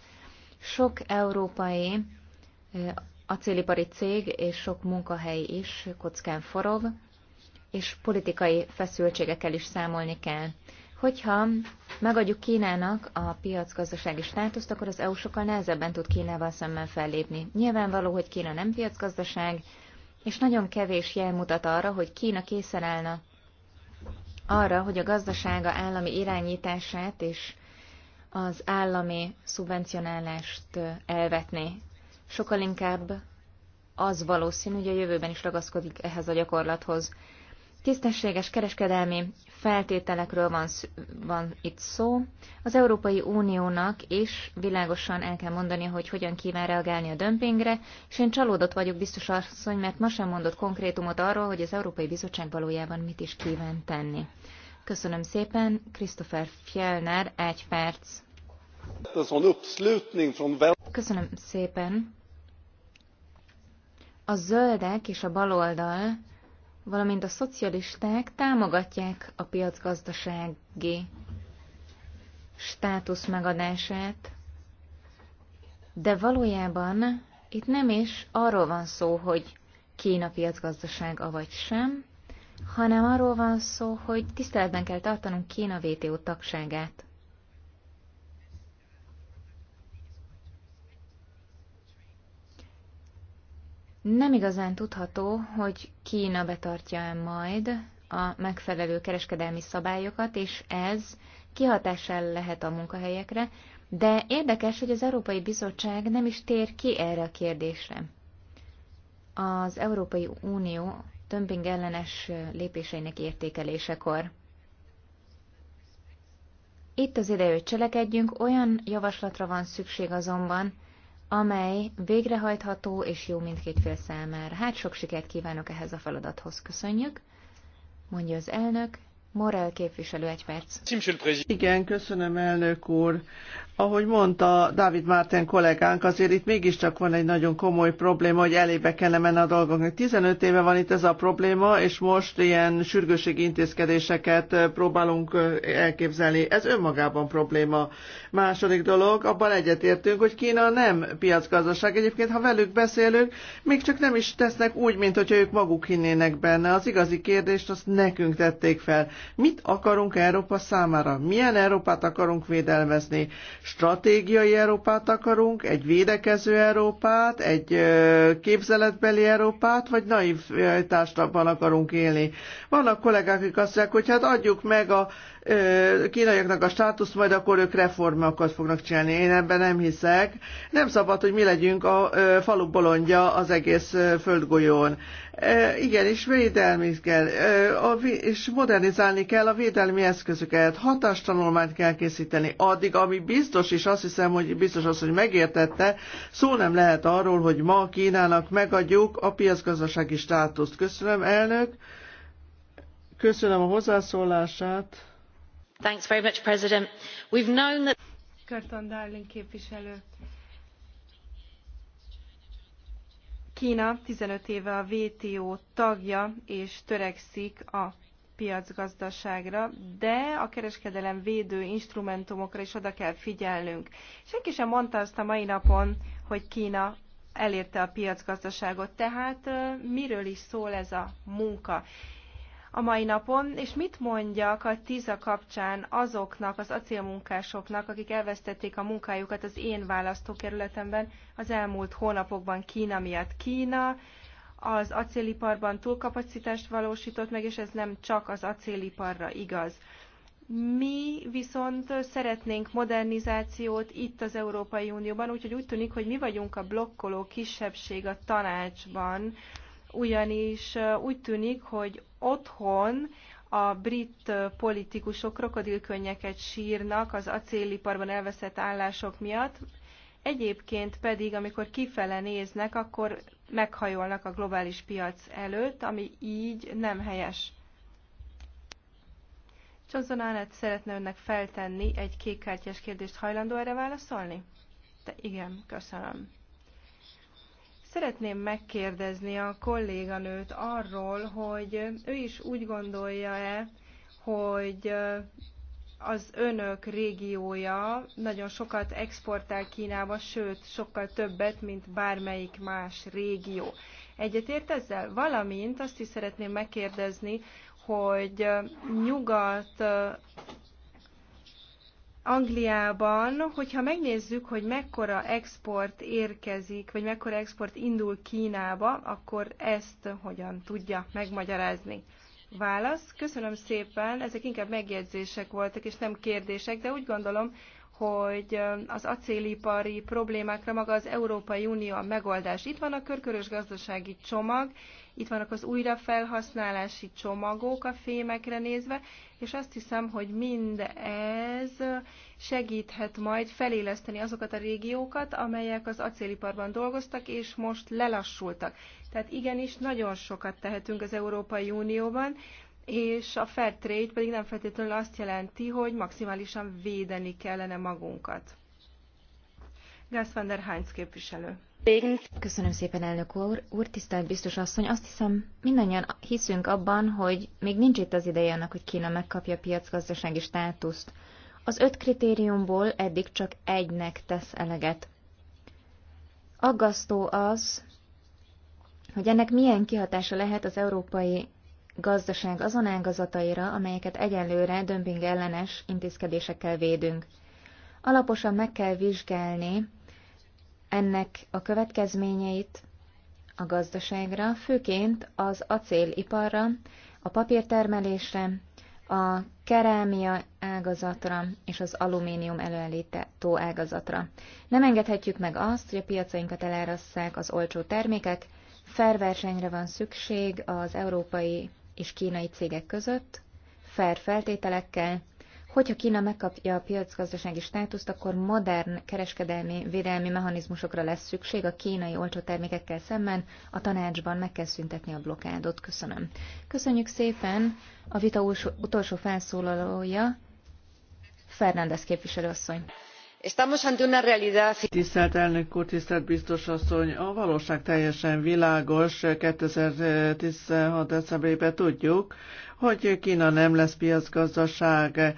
[SPEAKER 4] Sok európai acélipari cég és sok munkahely is kockán forog, és politikai feszültségekkel is számolni kell. Hogyha megadjuk Kínának a piacgazdasági státuszt, akkor az EU sokkal nehezebben tud Kínával szemben fellépni. Nyilvánvaló, hogy Kína nem piacgazdaság, és nagyon kevés jel mutat arra, hogy Kína készen állna arra, hogy a gazdasága állami irányítását és az állami szubvencionálást elvetné. Sokkal inkább az valószínű, hogy a jövőben is ragaszkodik ehhez a gyakorlathoz. Tisztességes kereskedelmi feltételekről van, van itt szó. Az Európai Uniónak is világosan el kell mondani, hogy hogyan kíván reagálni a dömpingre, és én csalódott vagyok biztos asszony, mert ma sem mondott konkrétumot arról, hogy az Európai Bizottság valójában mit is kíván tenni. Köszönöm szépen, Christopher Fjellner, egy perc. Köszönöm szépen. A zöldek és a baloldal valamint a szocialisták támogatják a piacgazdasági státusz megadását, de valójában itt nem is arról van szó, hogy Kína piacgazdaság avagy sem, hanem arról van szó, hogy tiszteletben kell tartanunk Kína WTO tagságát. Nem igazán tudható, hogy Kína betartja-e majd a megfelelő kereskedelmi szabályokat, és ez kihatással lehet a munkahelyekre, de érdekes, hogy az Európai Bizottság nem is tér ki erre a kérdésre. Az Európai Unió tömping ellenes lépéseinek értékelésekor. Itt az ideje, hogy cselekedjünk, olyan javaslatra van szükség azonban, amely végrehajtható és jó mindkét fél számára. Hát sok sikert kívánok ehhez a feladathoz, köszönjük,
[SPEAKER 6] mondja az elnök, Morel képviselő, egy perc. Igen, köszönöm, elnök úr. Ahogy mondta David Márten kollégánk, azért itt mégiscsak van egy nagyon komoly probléma, hogy elébe kellene menni a dolgoknak. 15 éve van itt ez a probléma, és most ilyen sürgőségi intézkedéseket próbálunk elképzelni. Ez önmagában probléma. Második dolog, abban egyetértünk, hogy Kína nem piacgazdaság. Egyébként, ha velük beszélünk, még csak nem is tesznek úgy, mint hogyha ők maguk hinnének benne. Az igazi kérdést azt nekünk tették fel. Mit akarunk Európa számára? Milyen Európát akarunk védelmezni? Stratégiai Európát akarunk? Egy védekező Európát? Egy képzeletbeli Európát? Vagy naiv társadalban akarunk élni? Vannak kollégák, akik azt mondják, hogy hát adjuk meg a kínaiaknak a státuszt, majd akkor ők reformokat fognak csinálni. Én ebben nem hiszek. Nem szabad, hogy mi legyünk a falu bolondja az egész földgolyón. Igen, és védelmi kell, és modernizálni kell a védelmi eszközöket, hatástanulmányt kell készíteni. Addig, ami biztos, és azt hiszem, hogy biztos az, hogy megértette, szó nem lehet arról, hogy ma Kínának megadjuk a piacgazdasági státuszt. Köszönöm, elnök. Köszönöm a hozzászólását. Much, President.
[SPEAKER 5] Curtin Darling képviselő. Kína 15 éve a WTO tagja, és törekszik a piacgazdaságra, de a kereskedelem védő instrumentumokra is oda kell figyelnünk. Senki sem mondta azt a mai napon, hogy Kína elérte a piacgazdaságot, tehát miről is szól ez a munka a mai napon, és mit mondjak a TISA kapcsán azoknak az acélmunkásoknak, akik elvesztették a munkájukat az én választókerületemben az elmúlt hónapokban Kína miatt. Kína az acéliparban túlkapacitást valósított meg, és ez nem csak az acéliparra igaz. Mi viszont szeretnénk modernizációt itt az Európai Unióban, úgyhogy úgy tűnik, hogy mi vagyunk a blokkoló kisebbség a tanácsban, ugyanis úgy tűnik, hogy otthon a brit politikusok krokodilkönnyeket sírnak az acéliparban elveszett állások miatt, egyébként pedig, amikor kifele néznek, akkor meghajolnak a globális piac előtt, ami így nem helyes. Johnson Annett szeretne önnek feltenni egy kékkártyás kérdést. Hajlandó erre válaszolni? De igen, köszönöm. Szeretném megkérdezni a kolléganőt arról, hogy ő is úgy gondolja-e, hogy az önök régiója nagyon sokat exportál Kínába, sőt, sokkal többet, mint bármelyik más régió. Egyetért ezzel? Valamint azt is szeretném megkérdezni, hogy nyugat Angliában, hogyha megnézzük, hogy mekkora export érkezik, vagy mekkora export indul Kínába, akkor ezt hogyan tudja megmagyarázni? Válasz. Köszönöm szépen. Ezek inkább megjegyzések voltak, és nem kérdések, de úgy gondolom, hogy az acélipari problémákra maga az Európai Unió a megoldás. Itt van a körkörös gazdasági csomag, itt vannak az újrafelhasználási csomagok a fémekre nézve, és azt hiszem, hogy mindez segíthet majd feléleszteni azokat a régiókat, amelyek az acéliparban dolgoztak, és most lelassultak. Tehát igenis nagyon sokat tehetünk az Európai Unióban, és a fair trade pedig nem feltétlenül azt jelenti, hogy maximálisan védeni kellene magunkat. Gász van der Heinz képviselő.
[SPEAKER 4] Köszönöm szépen, elnök úr. Úr, tisztelt biztos asszony, azt hiszem mindannyian hiszünk abban, hogy még nincs itt az ideje annak, hogy Kína megkapja a piacgazdasági státuszt. Az öt kritériumból eddig csak egynek tesz eleget. Aggasztó az, hogy ennek milyen kihatása lehet az európai gazdaság azon ágazataira, amelyeket egyelőre dömping ellenes intézkedésekkel védünk. Alaposan meg kell vizsgálni, ennek a következményeit a gazdaságra, főként az acéliparra, a papírtermelésre, a kerámia ágazatra és az alumínium előállító ágazatra. Nem engedhetjük meg azt, hogy a piacainkat elárasszák az olcsó termékek, fair versenyre van szükség az európai és kínai cégek között, fair feltételekkel, Hogyha Kína megkapja a piacgazdasági státuszt, akkor modern kereskedelmi védelmi mechanizmusokra lesz szükség a kínai olcsó termékekkel szemben, a tanácsban meg kell szüntetni a blokádot. Köszönöm. Köszönjük szépen a vita utolsó felszólalója, Fernández képviselőasszony.
[SPEAKER 6] Estamos ante una realidad... Tisztelt elnök úr, tisztelt biztos asszony, a valóság teljesen világos. 2016. decemberében tudjuk, hogy Kína nem lesz piacgazdaság,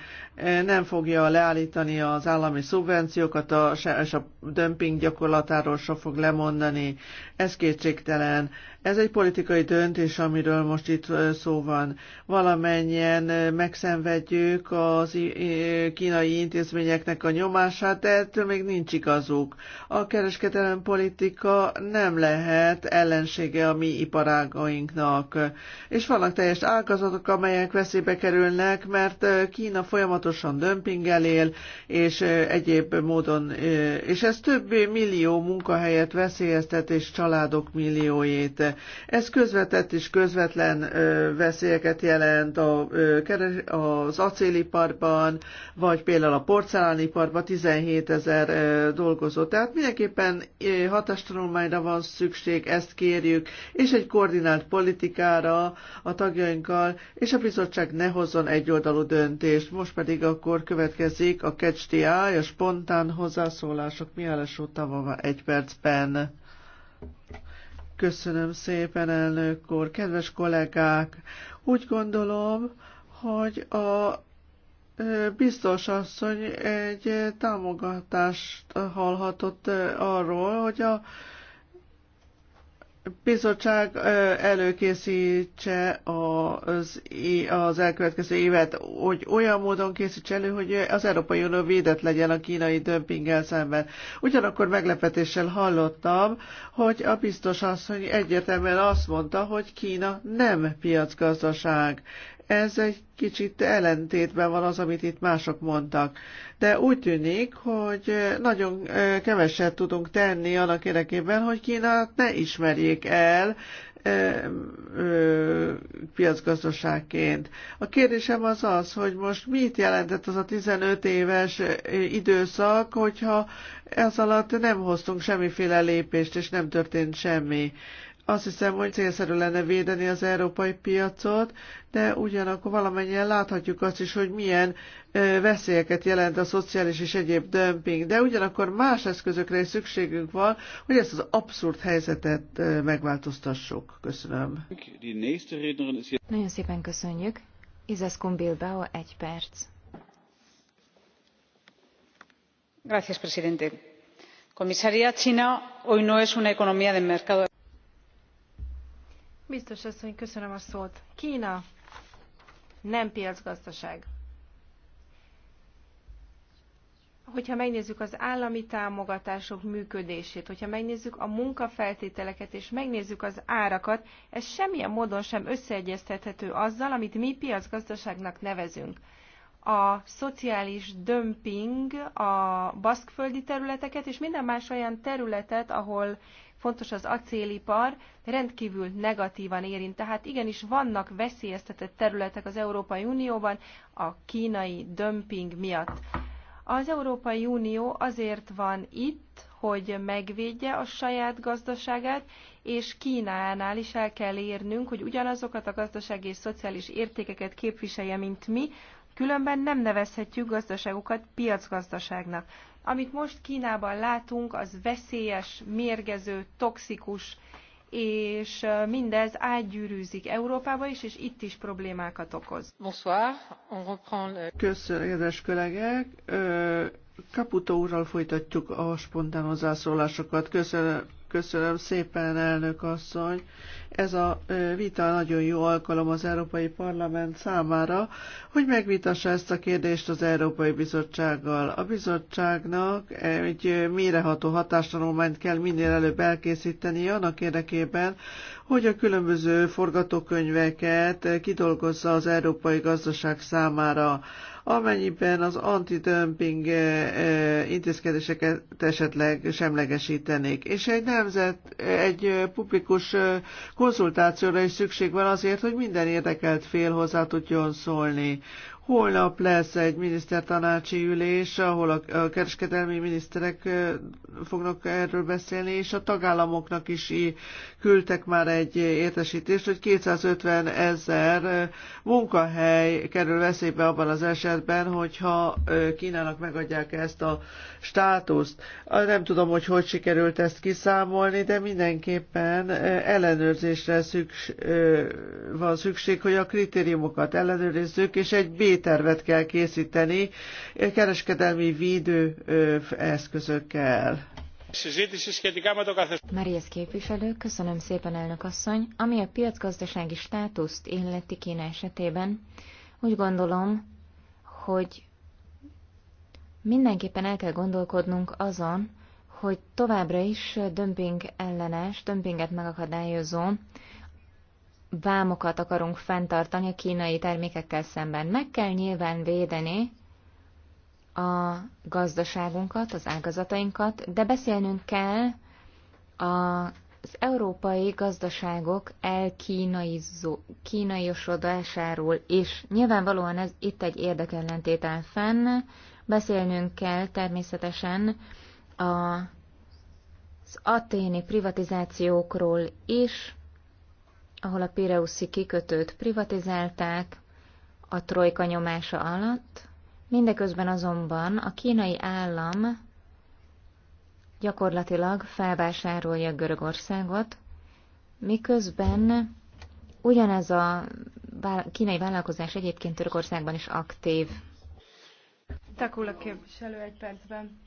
[SPEAKER 6] nem fogja leállítani az állami szubvenciókat, a, és a dömping gyakorlatáról sem fog lemondani. Ez kétségtelen. Ez egy politikai döntés, amiről most itt szó van. Valamennyien megszenvedjük az kínai intézményeknek a nyomását, de ettől még nincs igazuk. A kereskedelmi politika nem lehet ellensége a mi iparágainknak. És vannak teljes ágazatok, amelyek veszélybe kerülnek, mert Kína folyamatosan dömpingel él, és egyéb módon, és ez több millió munkahelyet veszélyeztet, és családok milliójét ez közvetett és közvetlen veszélyeket jelent az acéliparban, vagy például a porcelániparban 17 ezer dolgozó. Tehát mindenképpen hatástanulmányra van szükség, ezt kérjük, és egy koordinált politikára a tagjainkkal, és a bizottság ne hozzon egyoldalú döntést. Most pedig akkor következik a catch the eye, a spontán hozzászólások Mieles tavava egy percben. Köszönöm szépen, elnök úr. Kedves kollégák, úgy gondolom, hogy a biztos asszony egy támogatást hallhatott arról, hogy a bizottság előkészítse az, az elkövetkező évet, hogy olyan módon készítse elő, hogy az Európai Unió védett legyen a kínai dömpinggel szemben. Ugyanakkor meglepetéssel hallottam, hogy a biztos asszony egyértelműen azt mondta, hogy Kína nem piacgazdaság, ez egy kicsit ellentétben van az, amit itt mások mondtak. De úgy tűnik, hogy nagyon keveset tudunk tenni annak érdekében, hogy Kínát ne ismerjék el, piacgazdaságként. A kérdésem az az, hogy most mit jelentett az a 15 éves időszak, hogyha ez alatt nem hoztunk semmiféle lépést, és nem történt semmi. Azt hiszem, hogy célszerű lenne védeni az európai piacot, de ugyanakkor valamennyien láthatjuk azt is, hogy milyen veszélyeket jelent a szociális és egyéb dömping, de ugyanakkor más eszközökre is szükségünk van, hogy ezt az abszurd helyzetet megváltoztassuk. Köszönöm.
[SPEAKER 2] Nagyon szépen köszönjük.
[SPEAKER 4] Izaskun Bilbao, egy perc.
[SPEAKER 2] Gracias, presidente. Comisaría, China hoy no es una economía de mercado.
[SPEAKER 5] Biztos asszony, köszönöm a szót. Kína nem piacgazdaság. Hogyha megnézzük az állami támogatások működését, hogyha megnézzük a munkafeltételeket és megnézzük az árakat, ez semmilyen módon sem összeegyeztethető azzal, amit mi piacgazdaságnak nevezünk a szociális dömping a baszkföldi területeket és minden más olyan területet, ahol fontos az acélipar, rendkívül negatívan érint. Tehát igenis vannak veszélyeztetett területek az Európai Unióban a kínai dömping miatt. Az Európai Unió azért van itt, hogy megvédje a saját gazdaságát, és Kínánál is el kell érnünk, hogy ugyanazokat a gazdasági és szociális értékeket képviselje, mint mi, különben nem nevezhetjük gazdaságukat piacgazdaságnak. Amit most Kínában látunk, az veszélyes, mérgező, toxikus, és mindez átgyűrűzik Európába is, és itt is problémákat okoz. Bonsoir, on reprend le...
[SPEAKER 6] Köszönöm, kedves kollégák! Kaputo úrral folytatjuk a spontán hozzászólásokat. Köszönöm, köszönöm szépen, elnök asszony! Ez a vita nagyon jó alkalom az Európai Parlament számára, hogy megvitassa ezt a kérdést az Európai Bizottsággal. A bizottságnak egy méreható hatástanulmányt kell minél előbb elkészíteni annak érdekében, hogy a különböző forgatókönyveket kidolgozza az európai gazdaság számára amennyiben az antidömping intézkedéseket esetleg semlegesítenék. És egy nemzet, egy publikus konzultációra is szükség van azért, hogy minden érdekelt fél hozzá tudjon szólni. Holnap lesz egy minisztertanácsi ülés, ahol a kereskedelmi miniszterek fognak erről beszélni, és a tagállamoknak is küldtek már egy értesítést, hogy 250 ezer munkahely kerül veszélybe abban az esetben, hogyha Kínának megadják ezt a státuszt. Nem tudom, hogy hogy sikerült ezt kiszámolni, de mindenképpen ellenőrzésre szükség, van szükség, hogy a kritériumokat ellenőrizzük, és egy B tervet kell készíteni kereskedelmi védő eszközökkel.
[SPEAKER 3] Marias
[SPEAKER 4] képviselő, köszönöm szépen, elnök asszony. Ami a piacgazdasági státuszt illeti Kína esetében, úgy gondolom, hogy mindenképpen el kell gondolkodnunk azon, hogy továbbra is dömping ellenes, dömpinget megakadályozó vámokat akarunk fenntartani a kínai termékekkel szemben. Meg kell nyilván védeni a gazdaságunkat, az ágazatainkat, de beszélnünk kell az európai gazdaságok elkínaisodásáról is. Nyilvánvalóan ez itt egy érdekellentét áll fenn. Beszélnünk kell természetesen a, az aténi privatizációkról is, ahol a Pireuszi kikötőt privatizálták a trojka nyomása alatt, mindeközben azonban a kínai állam gyakorlatilag felvásárolja Görögországot, miközben ugyanez a kínai vállalkozás egyébként Törökországban is aktív.
[SPEAKER 5] Takula képviselő egy percben.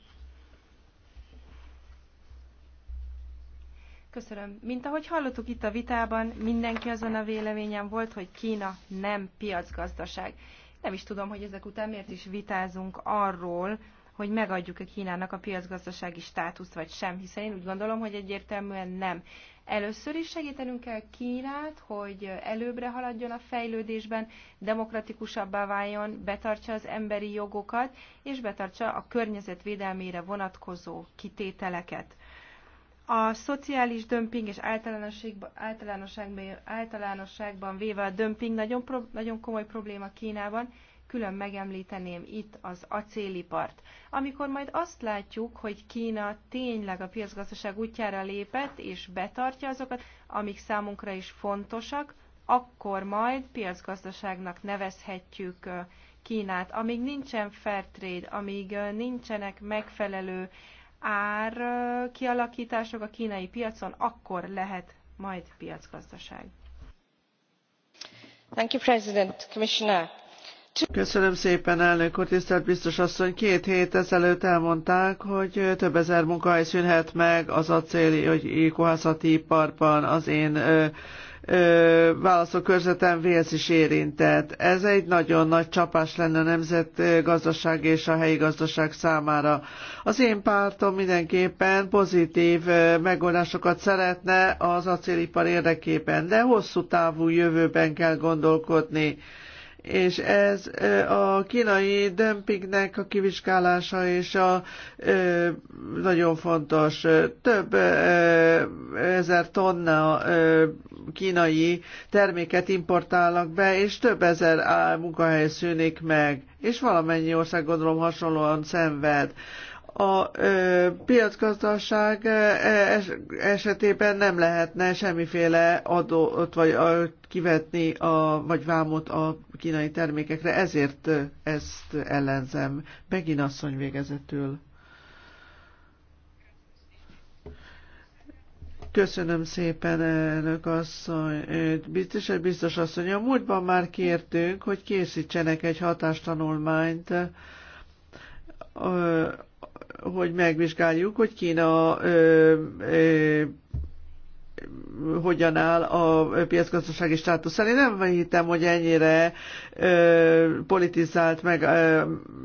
[SPEAKER 5] Köszönöm. Mint ahogy hallottuk itt a vitában, mindenki azon a véleményen volt, hogy Kína nem piacgazdaság. Nem is tudom, hogy ezek után miért is vitázunk arról, hogy megadjuk-e Kínának a piacgazdasági státuszt, vagy sem, hiszen én úgy gondolom, hogy egyértelműen nem. Először is segítenünk kell Kínát, hogy előbbre haladjon a fejlődésben, demokratikusabbá váljon, betartsa az emberi jogokat, és betartsa a környezetvédelmére vonatkozó kitételeket. A szociális dömping és általánosságban, általánosságban, véve a dömping nagyon, pro, nagyon komoly probléma Kínában, külön megemlíteném itt az acélipart. Amikor majd azt látjuk, hogy Kína tényleg a piacgazdaság útjára lépett és betartja azokat, amik számunkra is fontosak, akkor majd piacgazdaságnak nevezhetjük Kínát. Amíg nincsen fair trade, amíg nincsenek megfelelő ár kialakítások a kínai piacon, akkor lehet majd piacgazdaság. Thank you, President, Commissioner.
[SPEAKER 6] Köszönöm szépen, elnök úr, tisztelt biztos asszony. Két hét ezelőtt elmondták, hogy több ezer munkahely szűnhet meg az acéli, hogy kohászati iparban az én válaszokörzeten Wales is érintett. Ez egy nagyon nagy csapás lenne a nemzetgazdaság és a helyi gazdaság számára. Az én pártom mindenképpen pozitív megoldásokat szeretne az acélipar érdekében, de hosszú távú jövőben kell gondolkodni és ez a kínai dömpingnek a kivizsgálása és a nagyon fontos több ezer tonna kínai terméket importálnak be, és több ezer munkahely szűnik meg, és valamennyi ország gondolom hasonlóan szenved a piacgazdaság e, esetében nem lehetne semmiféle adót vagy kivetni a, vagy vámot a kínai termékekre, ezért ezt ellenzem. Megint asszony végezetül. Köszönöm szépen, elnök asszony. Biztos, hogy biztos asszony. A múltban már kértünk, hogy készítsenek egy hatástanulmányt, hogy megvizsgáljuk, hogy Kína ö, ö, hogyan áll a piacgazdasági státusz. Én nem hittem, hogy ennyire ö, politizált meg ö,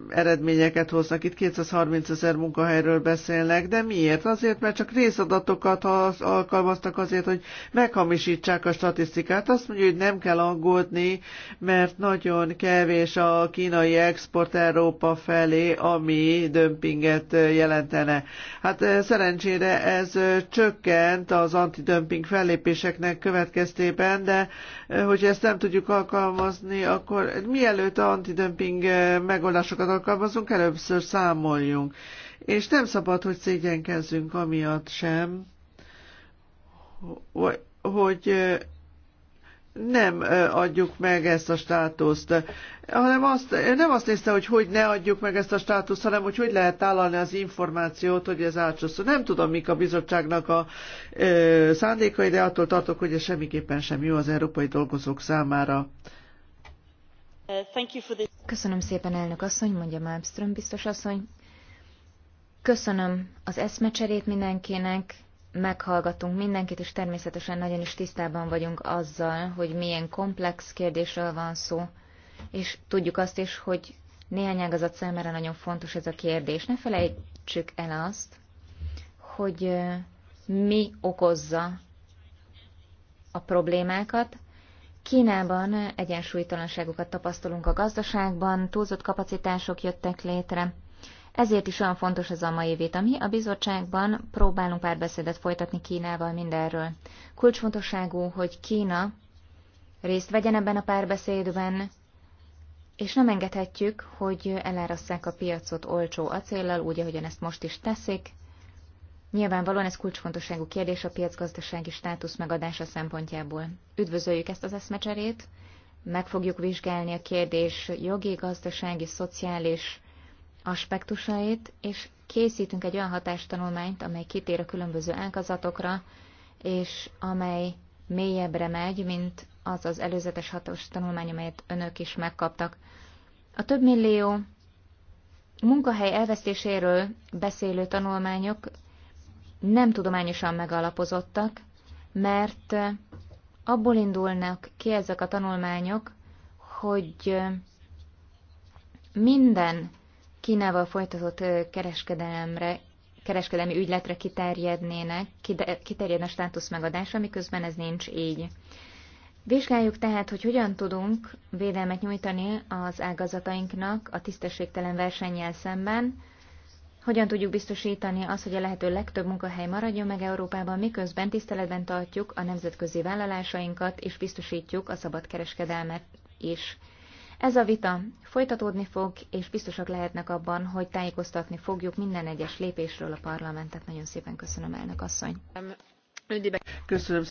[SPEAKER 6] eredményeket hoznak. Itt 230 ezer munkahelyről beszélnek, de miért? Azért, mert csak részadatokat alkalmaztak azért, hogy meghamisítsák a statisztikát. Azt mondja, hogy nem kell aggódni, mert nagyon kevés a kínai export Európa felé, ami dömpinget jelentene. Hát szerencsére ez csökkent az antidömpinget antidömping fellépéseknek következtében, de eh, hogyha ezt nem tudjuk alkalmazni, akkor mielőtt antidömping eh, megoldásokat alkalmazunk, először számoljunk. És nem szabad, hogy szégyenkezzünk amiatt sem, hogy eh, nem adjuk meg ezt a státuszt, hanem azt, nem azt nézte, hogy hogy ne adjuk meg ezt a státuszt, hanem hogy hogy lehet találni az információt, hogy ez átsosszul. Nem tudom, mik a bizottságnak a ö, szándékai, de attól tartok, hogy ez semmiképpen sem jó az európai dolgozók számára.
[SPEAKER 4] Köszönöm szépen, elnök asszony, mondja Malmström biztos asszony. Köszönöm az eszmecserét mindenkinek, meghallgatunk mindenkit, és természetesen nagyon is tisztában vagyunk azzal, hogy milyen komplex kérdésről van szó, és tudjuk azt is, hogy néhány ágazat számára nagyon fontos ez a kérdés. Ne felejtsük el azt, hogy mi okozza a problémákat. Kínában egyensúlytalanságokat tapasztalunk a gazdaságban, túlzott kapacitások jöttek létre, ezért is olyan fontos ez a mai vita. Mi a bizottságban próbálunk párbeszédet folytatni Kínával mindenről. Kulcsfontosságú, hogy Kína részt vegyen ebben a párbeszédben, és nem engedhetjük, hogy elárasszák a piacot olcsó acéllal, úgy, ahogyan ezt most is teszik. Nyilvánvalóan ez kulcsfontosságú kérdés a piacgazdasági státusz megadása szempontjából. Üdvözöljük ezt az eszmecserét, meg fogjuk vizsgálni a kérdés jogi, gazdasági, szociális, aspektusait, és készítünk egy olyan hatástanulmányt, amely kitér a különböző ágazatokra, és amely mélyebbre megy, mint az az előzetes hatós tanulmány, amelyet önök is megkaptak. A több millió munkahely elvesztéséről beszélő tanulmányok nem tudományosan megalapozottak, mert abból indulnak ki ezek a tanulmányok, hogy minden Kínával folytatott kereskedelemre, kereskedelmi ügyletre kiterjednének, kiterjedne a státusz megadása, miközben ez nincs így. Vizsgáljuk tehát, hogy hogyan tudunk védelmet nyújtani az ágazatainknak a tisztességtelen versennyel szemben, hogyan tudjuk biztosítani azt, hogy a lehető legtöbb munkahely maradjon meg Európában, miközben tiszteletben tartjuk a nemzetközi vállalásainkat, és biztosítjuk a szabad kereskedelmet is. Ez a vita folytatódni fog, és biztosak lehetnek abban, hogy tájékoztatni fogjuk minden egyes lépésről a parlamentet. Nagyon szépen köszönöm, elnök asszony.
[SPEAKER 5] Köszönöm.